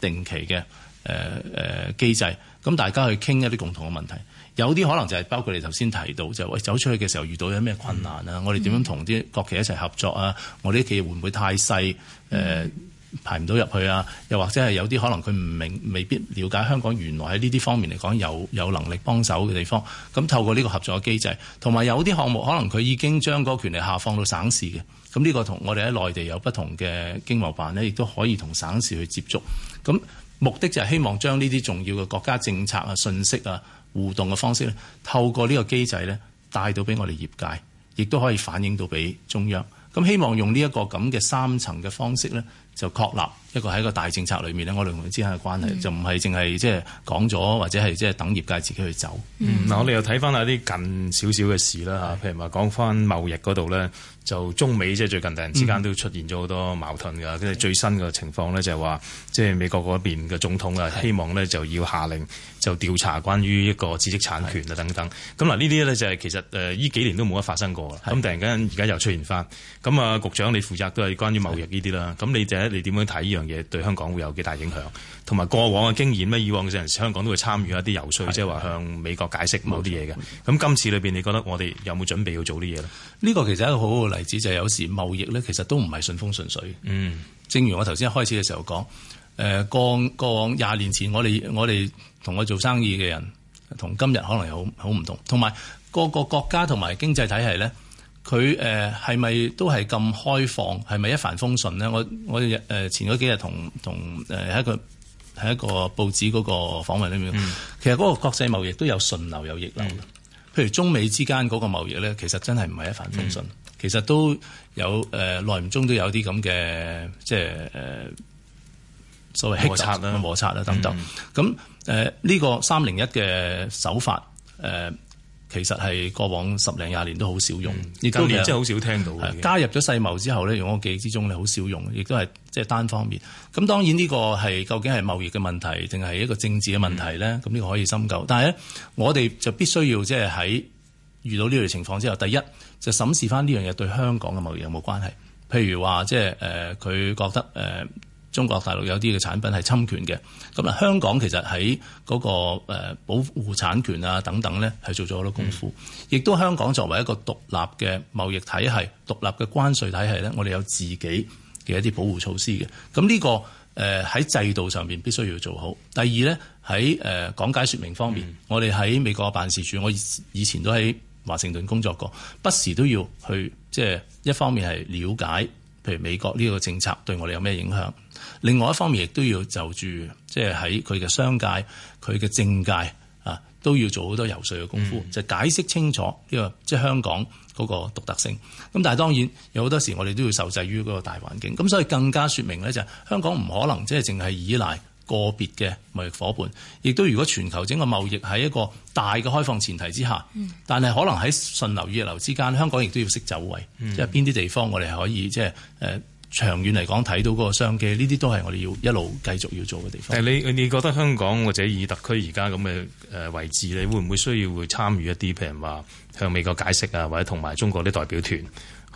定期嘅誒誒機制，咁大家去傾一啲共同嘅問題。有啲可能就係包括你頭先提到，就係走出去嘅時候遇到有咩困難啊？嗯、我哋點樣同啲國企一齊合作啊？嗯、我哋啲企業會唔會太細誒、呃、排唔到入去啊？又或者係有啲可能佢唔明，未必了解香港原來喺呢啲方面嚟講有有能力幫手嘅地方。咁透過呢個合作嘅機制，同埋有啲項目可能佢已經將嗰個權力下放到省市嘅。咁呢個同我哋喺內地有不同嘅經貿辦呢，亦都可以同省市去接觸。咁目的就係希望將呢啲重要嘅國家政策啊、信息啊，互動嘅方式透過呢個機制帶到俾我哋業界，亦都可以反映到俾中央。咁希望用呢一個咁嘅三層嘅方式就確立。一個喺一個大政策裏面咧，我兩方之間嘅關係、嗯、就唔係淨係即係講咗，或者係即係等業界自己去走。嗱，我哋又睇翻下啲近少少嘅事啦嚇，譬是如話講翻貿易嗰度咧，就中美即係、就是、最近突然之間都出現咗好多矛盾㗎。跟住、嗯、最新嘅情況咧就係話，即、就、係、是、美國嗰邊嘅總統啊，希望咧是就要下令就調查關於一個知識產權啊等等。咁嗱，呢啲咧就係其實誒呢幾年都冇得發生過啦。咁是突然間而家又出現翻，咁啊，局長你負責都係關於貿易呢啲啦。咁是你睇你點樣睇呢樣？嘢對香港會有幾大影響，同埋過往嘅經驗咧，以往嘅時候香港都會參與一啲遊說，的即係話向美國解釋某啲嘢嘅。咁錯今次裏邊，你覺得我哋有冇準備要做啲嘢呢？呢個其實一個好好嘅例子，就係有時貿易呢，其實都唔係順風順水。嗯，正如我頭先開始嘅時候講，誒、呃、過過往廿年前我，我哋我哋同我做生意嘅人，同今日可能好好唔同，同埋各個國家同埋經濟體系呢。佢誒係咪都係咁開放？係咪一帆風順咧？我我誒、呃、前嗰幾日同同誒喺、呃、一個喺一個報紙嗰個訪問裏面，嗯、其實嗰個國際貿易都有順流有逆流、嗯、譬如中美之間嗰個貿易咧，其實真係唔係一帆風順、嗯、其實都有誒內唔中都有啲咁嘅即係誒、呃、所謂摩擦啦、摩擦啦等等。咁誒呢個三零一嘅手法誒？呃其實係過往十零廿年都好少用，多、嗯、年其實真係好少聽到。啊、加入咗世貿之後咧，用我個記憶之中你好少用，亦都係即係單方面。咁當然呢個係究竟係貿易嘅問題，定係一個政治嘅問題咧？咁呢、嗯、個可以深究。但係咧，我哋就必須要即係喺遇到呢類情況之後，第一就審視翻呢樣嘢對香港嘅貿易有冇關係。譬如話，即係誒，佢覺得誒。呃中國大陸有啲嘅產品係侵權嘅，咁香港其實喺嗰個保護產權啊等等咧係做咗好多功夫，亦都香港作為一個獨立嘅貿易體系、獨立嘅關稅體系咧，我哋有自己嘅一啲保護措施嘅。咁呢個誒喺制度上面必須要做好。第二咧，喺誒講解說明方面，我哋喺美國辦事處，我以前都喺華盛頓工作過，不時都要去，即係一方面係了解。譬如美國呢個政策對我哋有咩影響？另外一方面亦都要就住即係喺佢嘅商界、佢嘅政界啊，都要做好多游說嘅功夫，嗯、就解釋清楚呢、呢個即係、就係、香港嗰個獨特性。咁但係當然有好多時我哋都要受制於嗰個大環境。咁所以更加說明咧，就係香港唔可能即係淨係依賴。個別嘅貿易伙伴，亦都如果全球整個貿易喺一個大嘅開放前提之下，嗯、但係可能喺順流與逆流之間，香港亦都要識走位，嗯、即係邊啲地方我哋可以即係誒、呃、長遠嚟講睇到嗰個商機。呢啲都係我哋要一路繼續要做嘅地方。但係你你覺得香港或者以特區而家咁嘅誒位置，你會唔會需要會參與一啲譬如話向美國解釋啊，或者同埋中國啲代表團？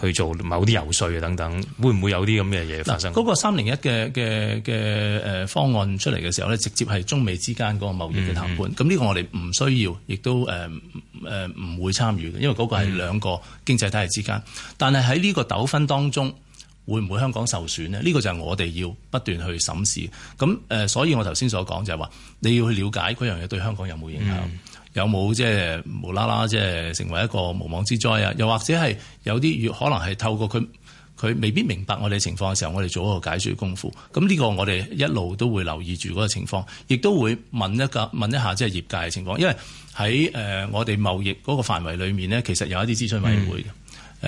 去做某啲游説啊等等，會唔會有啲咁嘅嘢發生？嗰個三零一嘅嘅嘅方案出嚟嘅時候咧，直接係中美之間嗰個貿易嘅談判。咁呢、嗯、個我哋唔需要，亦都誒唔、呃呃、會參與嘅，因為嗰個係兩個經濟體系之間。嗯、但係喺呢個糾紛當中，會唔會香港受損呢？呢、呢個就係我哋要不斷去審視。咁、呃、所以我頭先所講就係話，你要去了解嗰樣嘢對香港有冇影響。嗯有冇即係無啦啦，即係成為一個無妄之災啊？又或者係有啲可能係透過佢，佢未必明白我哋情況嘅時候，我哋做一個解説功夫。咁呢個我哋一路都會留意住嗰個情況，亦都會問一個問一下即係業界嘅情況。因為喺誒、呃、我哋貿易嗰個範圍裡面呢，其實有一啲諮詢委員會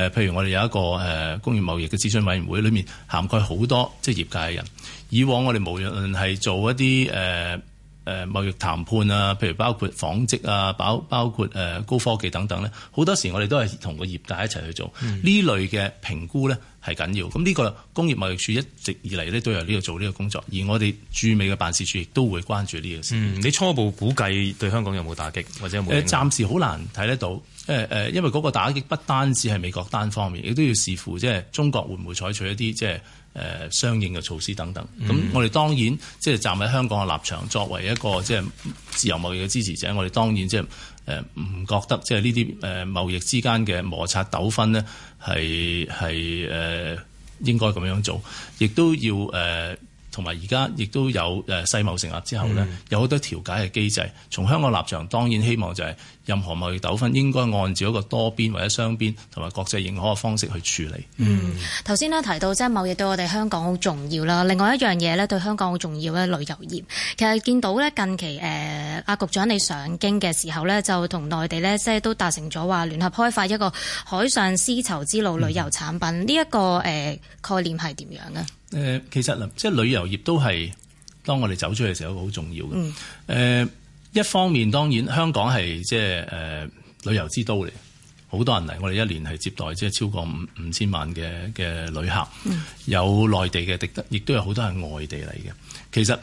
嘅誒，譬如我哋有一個誒工業貿易嘅諮詢委員會，嗯呃呃、員會裡面涵蓋好多即係業界嘅人。以往我哋無論係做一啲誒。呃誒、呃、貿易談判啊，譬如包括紡織啊，包括包括、呃、高科技等等咧，好多時我哋都係同個業界一齊去做呢、嗯、類嘅評估咧，係緊要。咁呢個工業貿易署一直以嚟咧，都由呢度做呢個工作，而我哋駐美嘅辦事處亦都會關注呢樣事、嗯。你初步估計對香港有冇打擊或者有冇？誒、呃，暫時好難睇得到。呃呃、因為嗰個打擊不單止係美國單方面，亦都要視乎即係中國會唔會採取一啲即係。誒相應嘅措施等等，咁我哋當然即係站喺香港嘅立場，作為一個即係自由貿易嘅支持者，我哋當然即係誒唔覺得即係呢啲誒貿易之間嘅摩擦糾紛呢，係係誒應該咁樣做，亦都要誒。呃同埋而家亦都有誒世貿成立之後咧，有好多調解嘅機制。從香港立場，當然希望就係任何貿易糾紛應該按照一個多邊或者雙邊同埋國際認可嘅方式去處理。嗯，頭先咧提到即係貿易對我哋香港好重要啦。另外一樣嘢咧對香港好重要嘅旅遊業，其實見到咧近期誒阿、呃、局長你上京嘅時候咧，就同內地咧即係都達成咗話聯合開發一個海上絲綢之路旅遊產品。呢一個、嗯，這個誒、呃、概念係點樣嘅？誒、呃，其實嗱，即係旅遊業都係當我哋走出去嘅時候，一個好重要嘅誒、嗯呃。一方面當然香港係即係誒旅遊之都嚟，好多人嚟。我哋一年係接待即係超過五五千萬嘅嘅旅客，嗯、有內地嘅，亦都亦都有好多係外地嚟嘅。其實誒、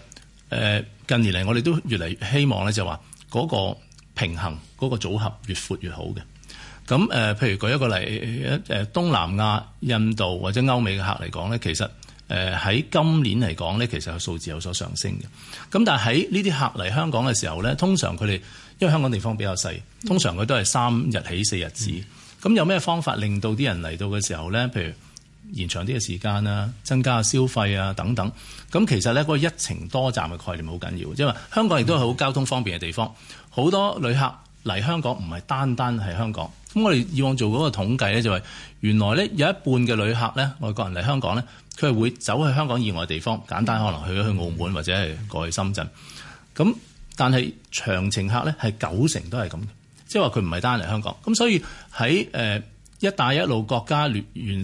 呃、近年嚟，我哋都越嚟越希望咧，就話、係、嗰個平衡嗰、嗰個組合越闊越好嘅。咁誒、呃，譬如舉一個例，誒東南亞、印度或者歐美嘅客嚟講咧，其實。誒喺今年嚟講呢，其實個數字有所上升嘅。咁但係喺呢啲客嚟香港嘅時候呢，通常佢哋因為香港地方比較細，通常佢都係三日起四日止。咁、嗯、有咩方法令到啲人嚟到嘅時候呢，譬如延長啲嘅時間啦，增加消費啊等等。咁其實呢個個一程多站嘅概念好緊要，因為香港亦都係好交通方便嘅地方。好、嗯、多旅客嚟香港唔係單單係香港。咁我哋以往做嗰個統計呢、就係，就係原來呢有一半嘅旅客呢，外國人嚟香港呢。佢係會走去香港以外嘅地方，簡單可能去一去澳門或者係過去深圳。咁但係長程客呢係九成都係咁，即係話佢唔係單嚟香港。咁所以喺誒一帶一路國家完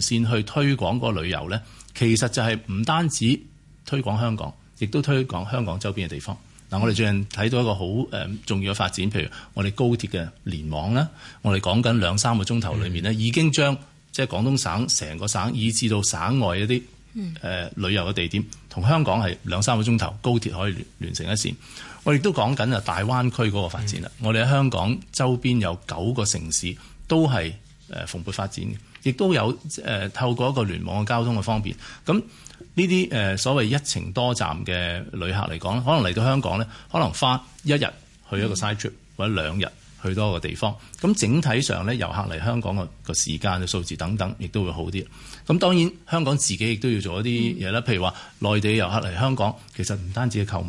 善去推廣個旅遊呢，其實就係唔單止推廣香港，亦都推廣香港周邊嘅地方。嗱，我哋最近睇到一個好誒重要嘅發展，譬如我哋高鐵嘅連網啦，我哋講緊兩三個鐘頭裡面呢，已經將即係廣東省成個省以至到省外一啲。誒、嗯呃、旅遊嘅地點同香港係兩三個鐘頭高鐵可以連，連成一綫，我亦都講緊啊大灣區嗰個發展啦。嗯、我哋喺香港周邊有九個城市都係誒、呃、蓬勃發展嘅，亦都有誒、呃、透過一個聯網嘅交通嘅方便。咁呢啲誒所謂一程多站嘅旅客嚟講，可能嚟到香港咧，可能花一日去一個 side trip，嗯、或者兩日。去多個地方，咁整體上咧，遊客嚟香港個個時間嘅數字等等，亦都會好啲。咁當然香港自己亦都要做一啲嘢啦，嗯、譬如話內地遊客嚟香港，其實唔單止係購物。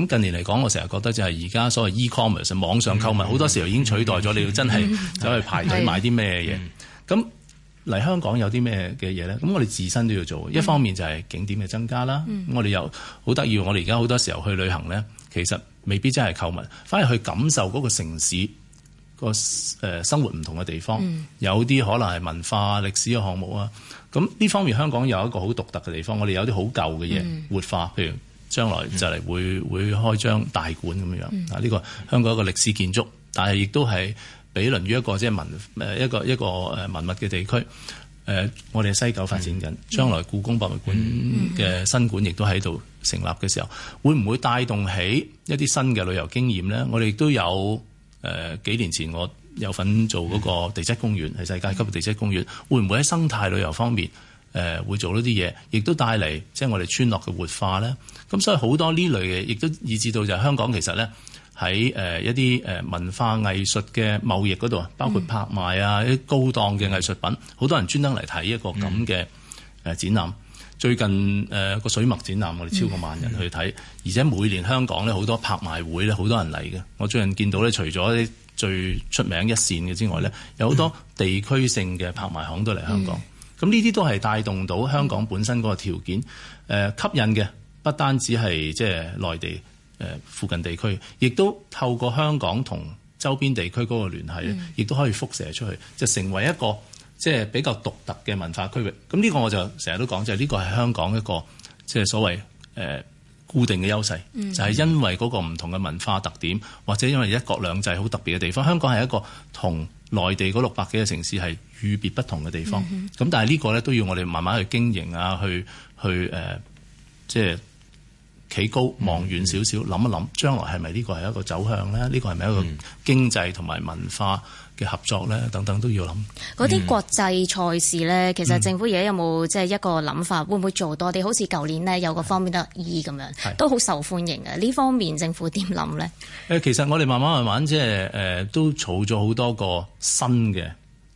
咁近年嚟講，我成日覺得就係而家所謂 e-commerce 網上購物，好、嗯、多時候已經取代咗你要真係走去排隊買啲咩嘢。咁、嗯嗯嚟香港有啲咩嘅嘢咧？咁我哋自身都要做，一方面就係景點嘅增加啦、嗯。咁我哋又好得意，我哋而家好多時候去旅行咧，其實未必真係購物，反而去感受嗰個城市、個誒生活唔同嘅地方，嗯、有啲可能係文化歷史嘅項目啊。咁呢方面香港有一個好獨特嘅地方，我哋有啲好舊嘅嘢活化，譬如將來就嚟會會開張大館咁、嗯、樣啊。呢個香港一個歷史建築，但係亦都係。比鄰於一個即係文誒一個一個誒文物嘅地區，誒我哋西九發展緊，將來故宮博物館嘅新館亦都喺度成立嘅時候，會唔會帶動起一啲新嘅旅遊經驗咧？我哋亦都有誒幾年前我有份做嗰個地質公園係世界級嘅地質公園，會唔會喺生態旅遊方面誒會做呢啲嘢，亦都帶嚟即係我哋村落嘅活化咧？咁所以好多呢類嘅，亦都以至到就係香港其實咧。喺一啲文化藝術嘅貿易嗰度，包括拍賣啊，嗯、一啲高檔嘅藝術品，好多人專登嚟睇一個咁嘅誒展覽。嗯、最近個、呃、水墨展覽，我哋超過萬人去睇，嗯、而且每年香港咧好多拍賣會咧，好多人嚟嘅。我最近見到咧，除咗一啲最出名一線嘅之外咧，有好多地區性嘅拍賣行都嚟香港。咁呢啲都係帶動到香港本身嗰個條件、呃、吸引嘅，不單止係即係內地。誒附近地區，亦都透過香港同周邊地區嗰個聯繫，亦都可以輻射出去，就成為一個即係、就是、比較獨特嘅文化區域。咁呢個我就成日都講，就係、是、呢個係香港一個即係、就是、所謂誒、呃、固定嘅優勢，就係、是、因為嗰個唔同嘅文化特點，或者因為一國兩制好特別嘅地方。香港係一個同內地嗰六百幾個城市係與別不同嘅地方。咁、嗯、哼但係呢個呢都要我哋慢慢去經營啊，去去誒、呃，即係。企高望遠少少，諗、嗯、一諗將來係咪呢個係一個走向咧？呢個係咪一個經濟同埋文化嘅合作咧？等等都要諗。嗰啲國際賽事咧，嗯、其實政府而家有冇即係一個諗法，嗯、會唔會做多啲？好似舊年咧有個方面得意咁樣，是都好受歡迎嘅。呢是方面政府點諗咧？誒、呃，其實我哋慢慢慢慢即係誒，都儲咗好多個新嘅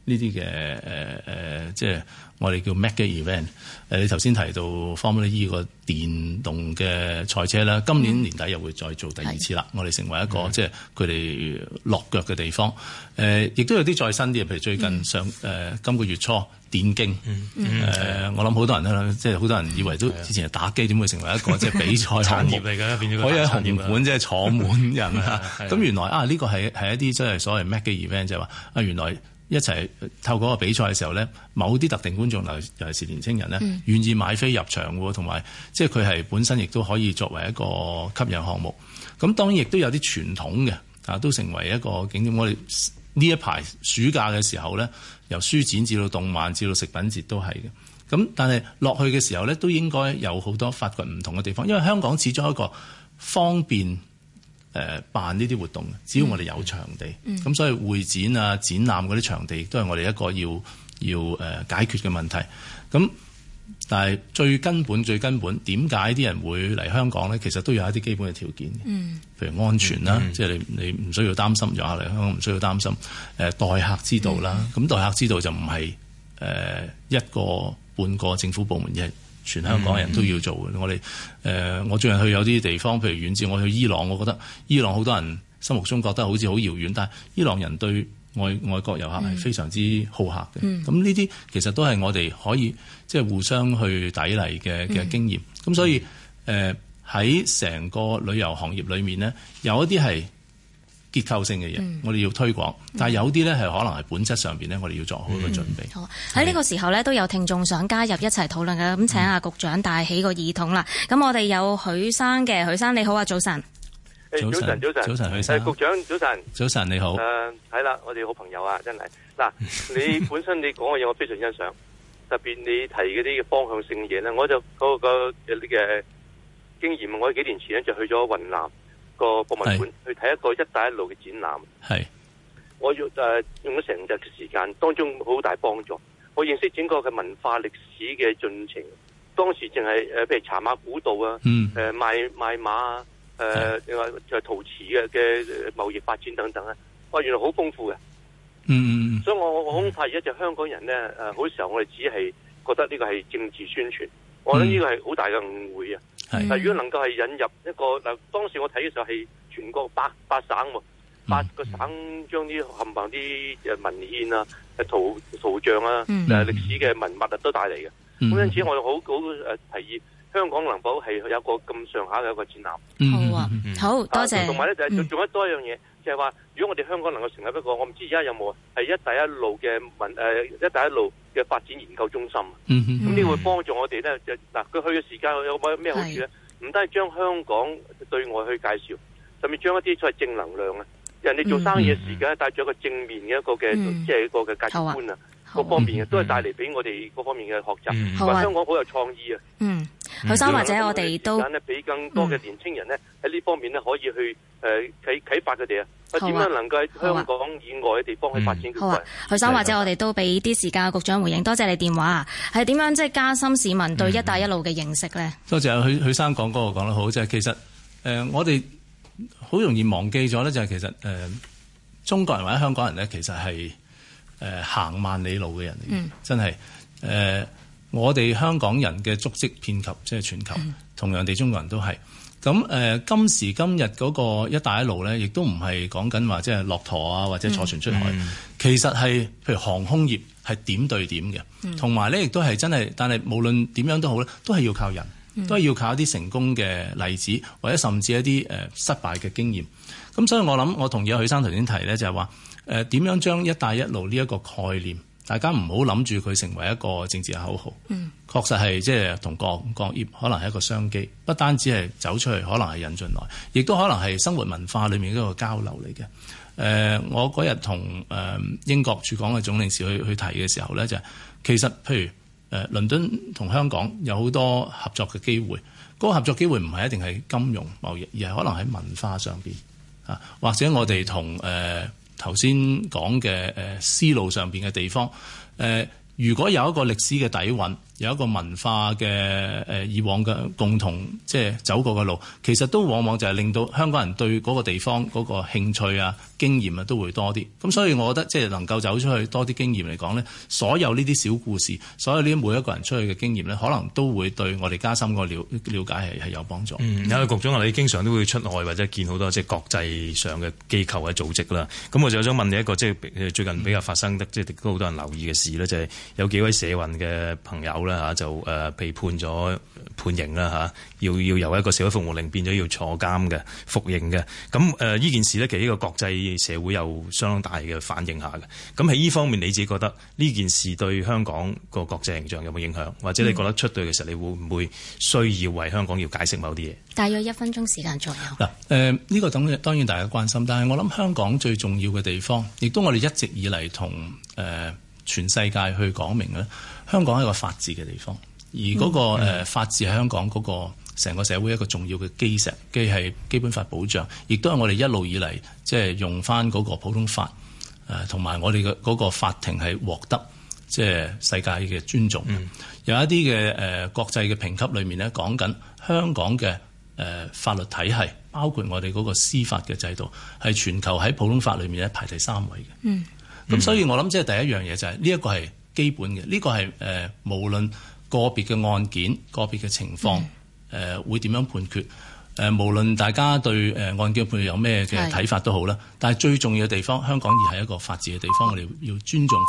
呢啲嘅誒誒，即係。呃呃就是我哋叫 Mac 嘅 event。你頭先提到 Formula E 個電動嘅賽車啦，今年年底又會再做第二次啦。我哋成為一個即係佢哋落腳嘅地方。亦都有啲再新啲，譬如最近上誒今個月初電競，我諗好多人都即係，好多人以為都之前係打機，點會成為一個即係比賽產業嚟嘅？可以喺紅館即係坐滿人啊！咁原來啊，呢個係係一啲即係所謂 Mac 嘅 event，就係話啊，原來。啊這個一齊透過個比賽嘅時候呢，某啲特定觀眾，尤其是年青人咧，嗯、願意買飛入場喎，同埋即係佢係本身亦都可以作為一個吸引項目。咁當然亦都有啲傳統嘅，啊，都成為一個景點。我哋呢一排暑假嘅時候呢，由書展至到動漫至到食品節都係嘅。咁但係落去嘅時候呢，都應該有好多發掘唔同嘅地方，因為香港始終一個方便。誒、呃、辦呢啲活動，只要我哋有場地，咁、嗯嗯、所以會展啊、展覽嗰啲場地都係我哋一個要要解決嘅問題。咁但係最根本、最根本，點解啲人會嚟香港呢？其實都有一啲基本嘅條件、嗯、譬如安全啦，嗯嗯、即係你你唔需要擔心咗下嚟香港唔需要擔心誒待、呃、客之道啦。咁待、嗯嗯、客之道就唔係誒一個半個政府部門一全香港人都要做嘅，我哋誒，我最近去有啲地方，譬如遠至我去伊朗，我覺得伊朗好多人心目中覺得好似好遙遠，但係伊朗人對外外國遊客係非常之好客嘅。咁呢啲其實都係我哋可以即係互相去砥礪嘅嘅經驗。咁、嗯嗯、所以誒喺成個旅遊行業裏面咧，有一啲係。結構性嘅嘢，嗯、我哋要推廣，嗯、但係有啲咧係可能係本質上邊咧，我哋要做好一個準備。嗯、好喺呢個時候咧，都有聽眾想加入一齊討論嘅，咁的、嗯、請阿局長戴起個耳筒啦。咁、嗯、我哋有許生嘅，許生你好啊，早晨、欸。早晨早晨早晨許生、欸。局長早晨早晨你好。誒係啦，我哋好朋友啊，真係嗱、啊，你本身你講嘅嘢我非常欣賞， 特別你提嗰啲方向性嘅嘢咧，我就嗰、那個一啲嘅經驗，我幾年前咧就去咗雲南。個博物館去睇一個一帶一路嘅展覽，係是，我用誒用咗成日嘅時間，當中好大幫助，我認識整個嘅文化歷史嘅進程。當時淨係誒，譬如茶馬古道啊，誒、嗯、賣賣馬啊，誒、呃、就是陶瓷嘅嘅貿易發展等等啊，哇，原來好豐富嘅，嗯，所以我我恐怕而家就香港人咧，誒好多時候我哋只係覺得呢個係政治宣傳，我覺得呢個係好大嘅誤會啊。嗯嗱，嗯、如果能夠係引入一個，嗱，當時我睇嘅時候係全國八八省八個省將啲冚唪唥啲誒文獻啊、誒圖圖像啊、誒、嗯、歷史嘅文物啊都帶嚟嘅，咁因此我就好好誒提議香港能否係有個咁上下嘅一個展覽。嗯嗯、好啊，嗯、好多謝。同埋咧就仲仲一多一樣嘢。嗯就係話，如果我哋香港能夠成立一個，我唔知而家有冇係一帶一路嘅文誒、呃、一帶一路嘅發展研究中心。嗯哼，咁呢會幫助我哋咧，就嗱佢、啊、去嘅時間有冇咩好處咧？唔是單係將香港對外去介紹，甚至將一啲所謂正能量啊，人哋做生意嘅時間帶住一個正面嘅一個嘅即係一個嘅價值觀啊，各、啊、方面嘅都係帶嚟俾我哋各方面嘅學習，同、嗯、香港好有創意啊。嗯。許生、嗯、或者我哋都俾更多嘅年青人呢，喺呢方面呢，可以去誒啟啟發佢哋啊，點樣能夠喺香港、啊、以外嘅地方去發展？好啊，許生或者我哋都俾啲時間局長回應。嗯、多謝你電話啊，係點樣即係加深市民對一帶一路嘅認識咧、嗯？多謝許許生講嗰個講得好，即、就、係、是、其實誒、呃、我哋好容易忘記咗咧，就係、是、其實誒、呃、中國人或者香港人咧，其實係誒、呃、行萬里路嘅人嚟，嗯、真係誒。呃我哋香港人嘅足跡遍及即係全球，同樣地中國人，都係，咁誒。今時今日嗰個一帶一路咧，亦都唔係講緊話即係駱駝啊，或者坐船出海。嗯嗯、其實係譬如航空業係點對點嘅，嗯、同埋咧亦都係真係，但係無論點樣都好咧，都係要靠人，都係要靠一啲成功嘅例子，或者甚至一啲誒失敗嘅經驗，咁所以我諗，我同意許生頭先提咧，就係話誒點樣將一帶一路呢一個概念。大家唔好諗住佢成為一個政治嘅口號，嗯、確實係即係同各各業可能係一個商機，不單止係走出去，可能係引進來，亦都可能係生活文化裏面一個交流嚟嘅。誒、呃，我嗰日同誒英國駐港嘅總領事去去提嘅時候咧，就係、其實譬如誒、呃、倫敦同香港有好多合作嘅機會，嗰、嗰個合作機會唔係一定係金融貿易，而係可能喺文化上邊啊，或者我哋同誒。呃頭先講嘅誒絲路上邊嘅地方，誒如果有一個歷史嘅底蘊。有一個文化嘅誒以往嘅共同即係走過嘅路，其實都往往就係令到香港人對嗰個地方嗰個興趣啊經驗啊都會多啲。咁所以我覺得即係能夠走出去多啲經驗嚟講咧，所有呢啲小故事，所有呢每一個人出去嘅經驗咧，可能都會對我哋加深個了了解係係有幫助、嗯。有家局長啊，你經常都會出外或者見好多即係國際上嘅機構嘅組織啦。咁我就想問你一個即係最近比較發生得即係好多人留意嘅事咧，就係有幾位社運嘅朋友。吓，就誒被判咗判刑啦吓，要要由一個社會服務令變咗要坐監嘅服刑嘅。咁誒呢件事呢，其實呢個國際社會有相當大嘅反應下嘅。咁喺呢方面，你自己覺得呢件事對香港個國際形象有冇影響？或者你覺得出隊嘅時候，你會唔會需要為香港要解釋某啲嘢？大約一分鐘時間左右。嗱、呃，誒、這、呢個當然當然大家關心，但係我諗香港最重要嘅地方，亦都我哋一直以嚟同誒全世界去講明咧。香港係一個法治嘅地方，而嗰個法治係香港嗰個成個社會一個重要嘅基石，既係基本法保障，亦都係我哋一路以嚟即係用翻嗰個普通法，誒同埋我哋嘅嗰個法庭係獲得即係世界嘅尊重嘅、嗯、有一啲嘅誒國際嘅評級裏面咧，講緊香港嘅誒法律體系，包括我哋嗰個司法嘅制度，係全球喺普通法裏面咧排第三位嘅。嗯，咁所以我諗即係第一樣嘢就係呢一個係，基本嘅呢、這個係誒、呃、無論個別嘅案件、個別嘅情況誒、嗯呃、會點樣判決誒、呃、無論大家對誒、呃、案件判決有咩嘅睇法都好啦，是的但係最重要嘅地方，香港而係一個法治嘅地方，我哋要尊重法治。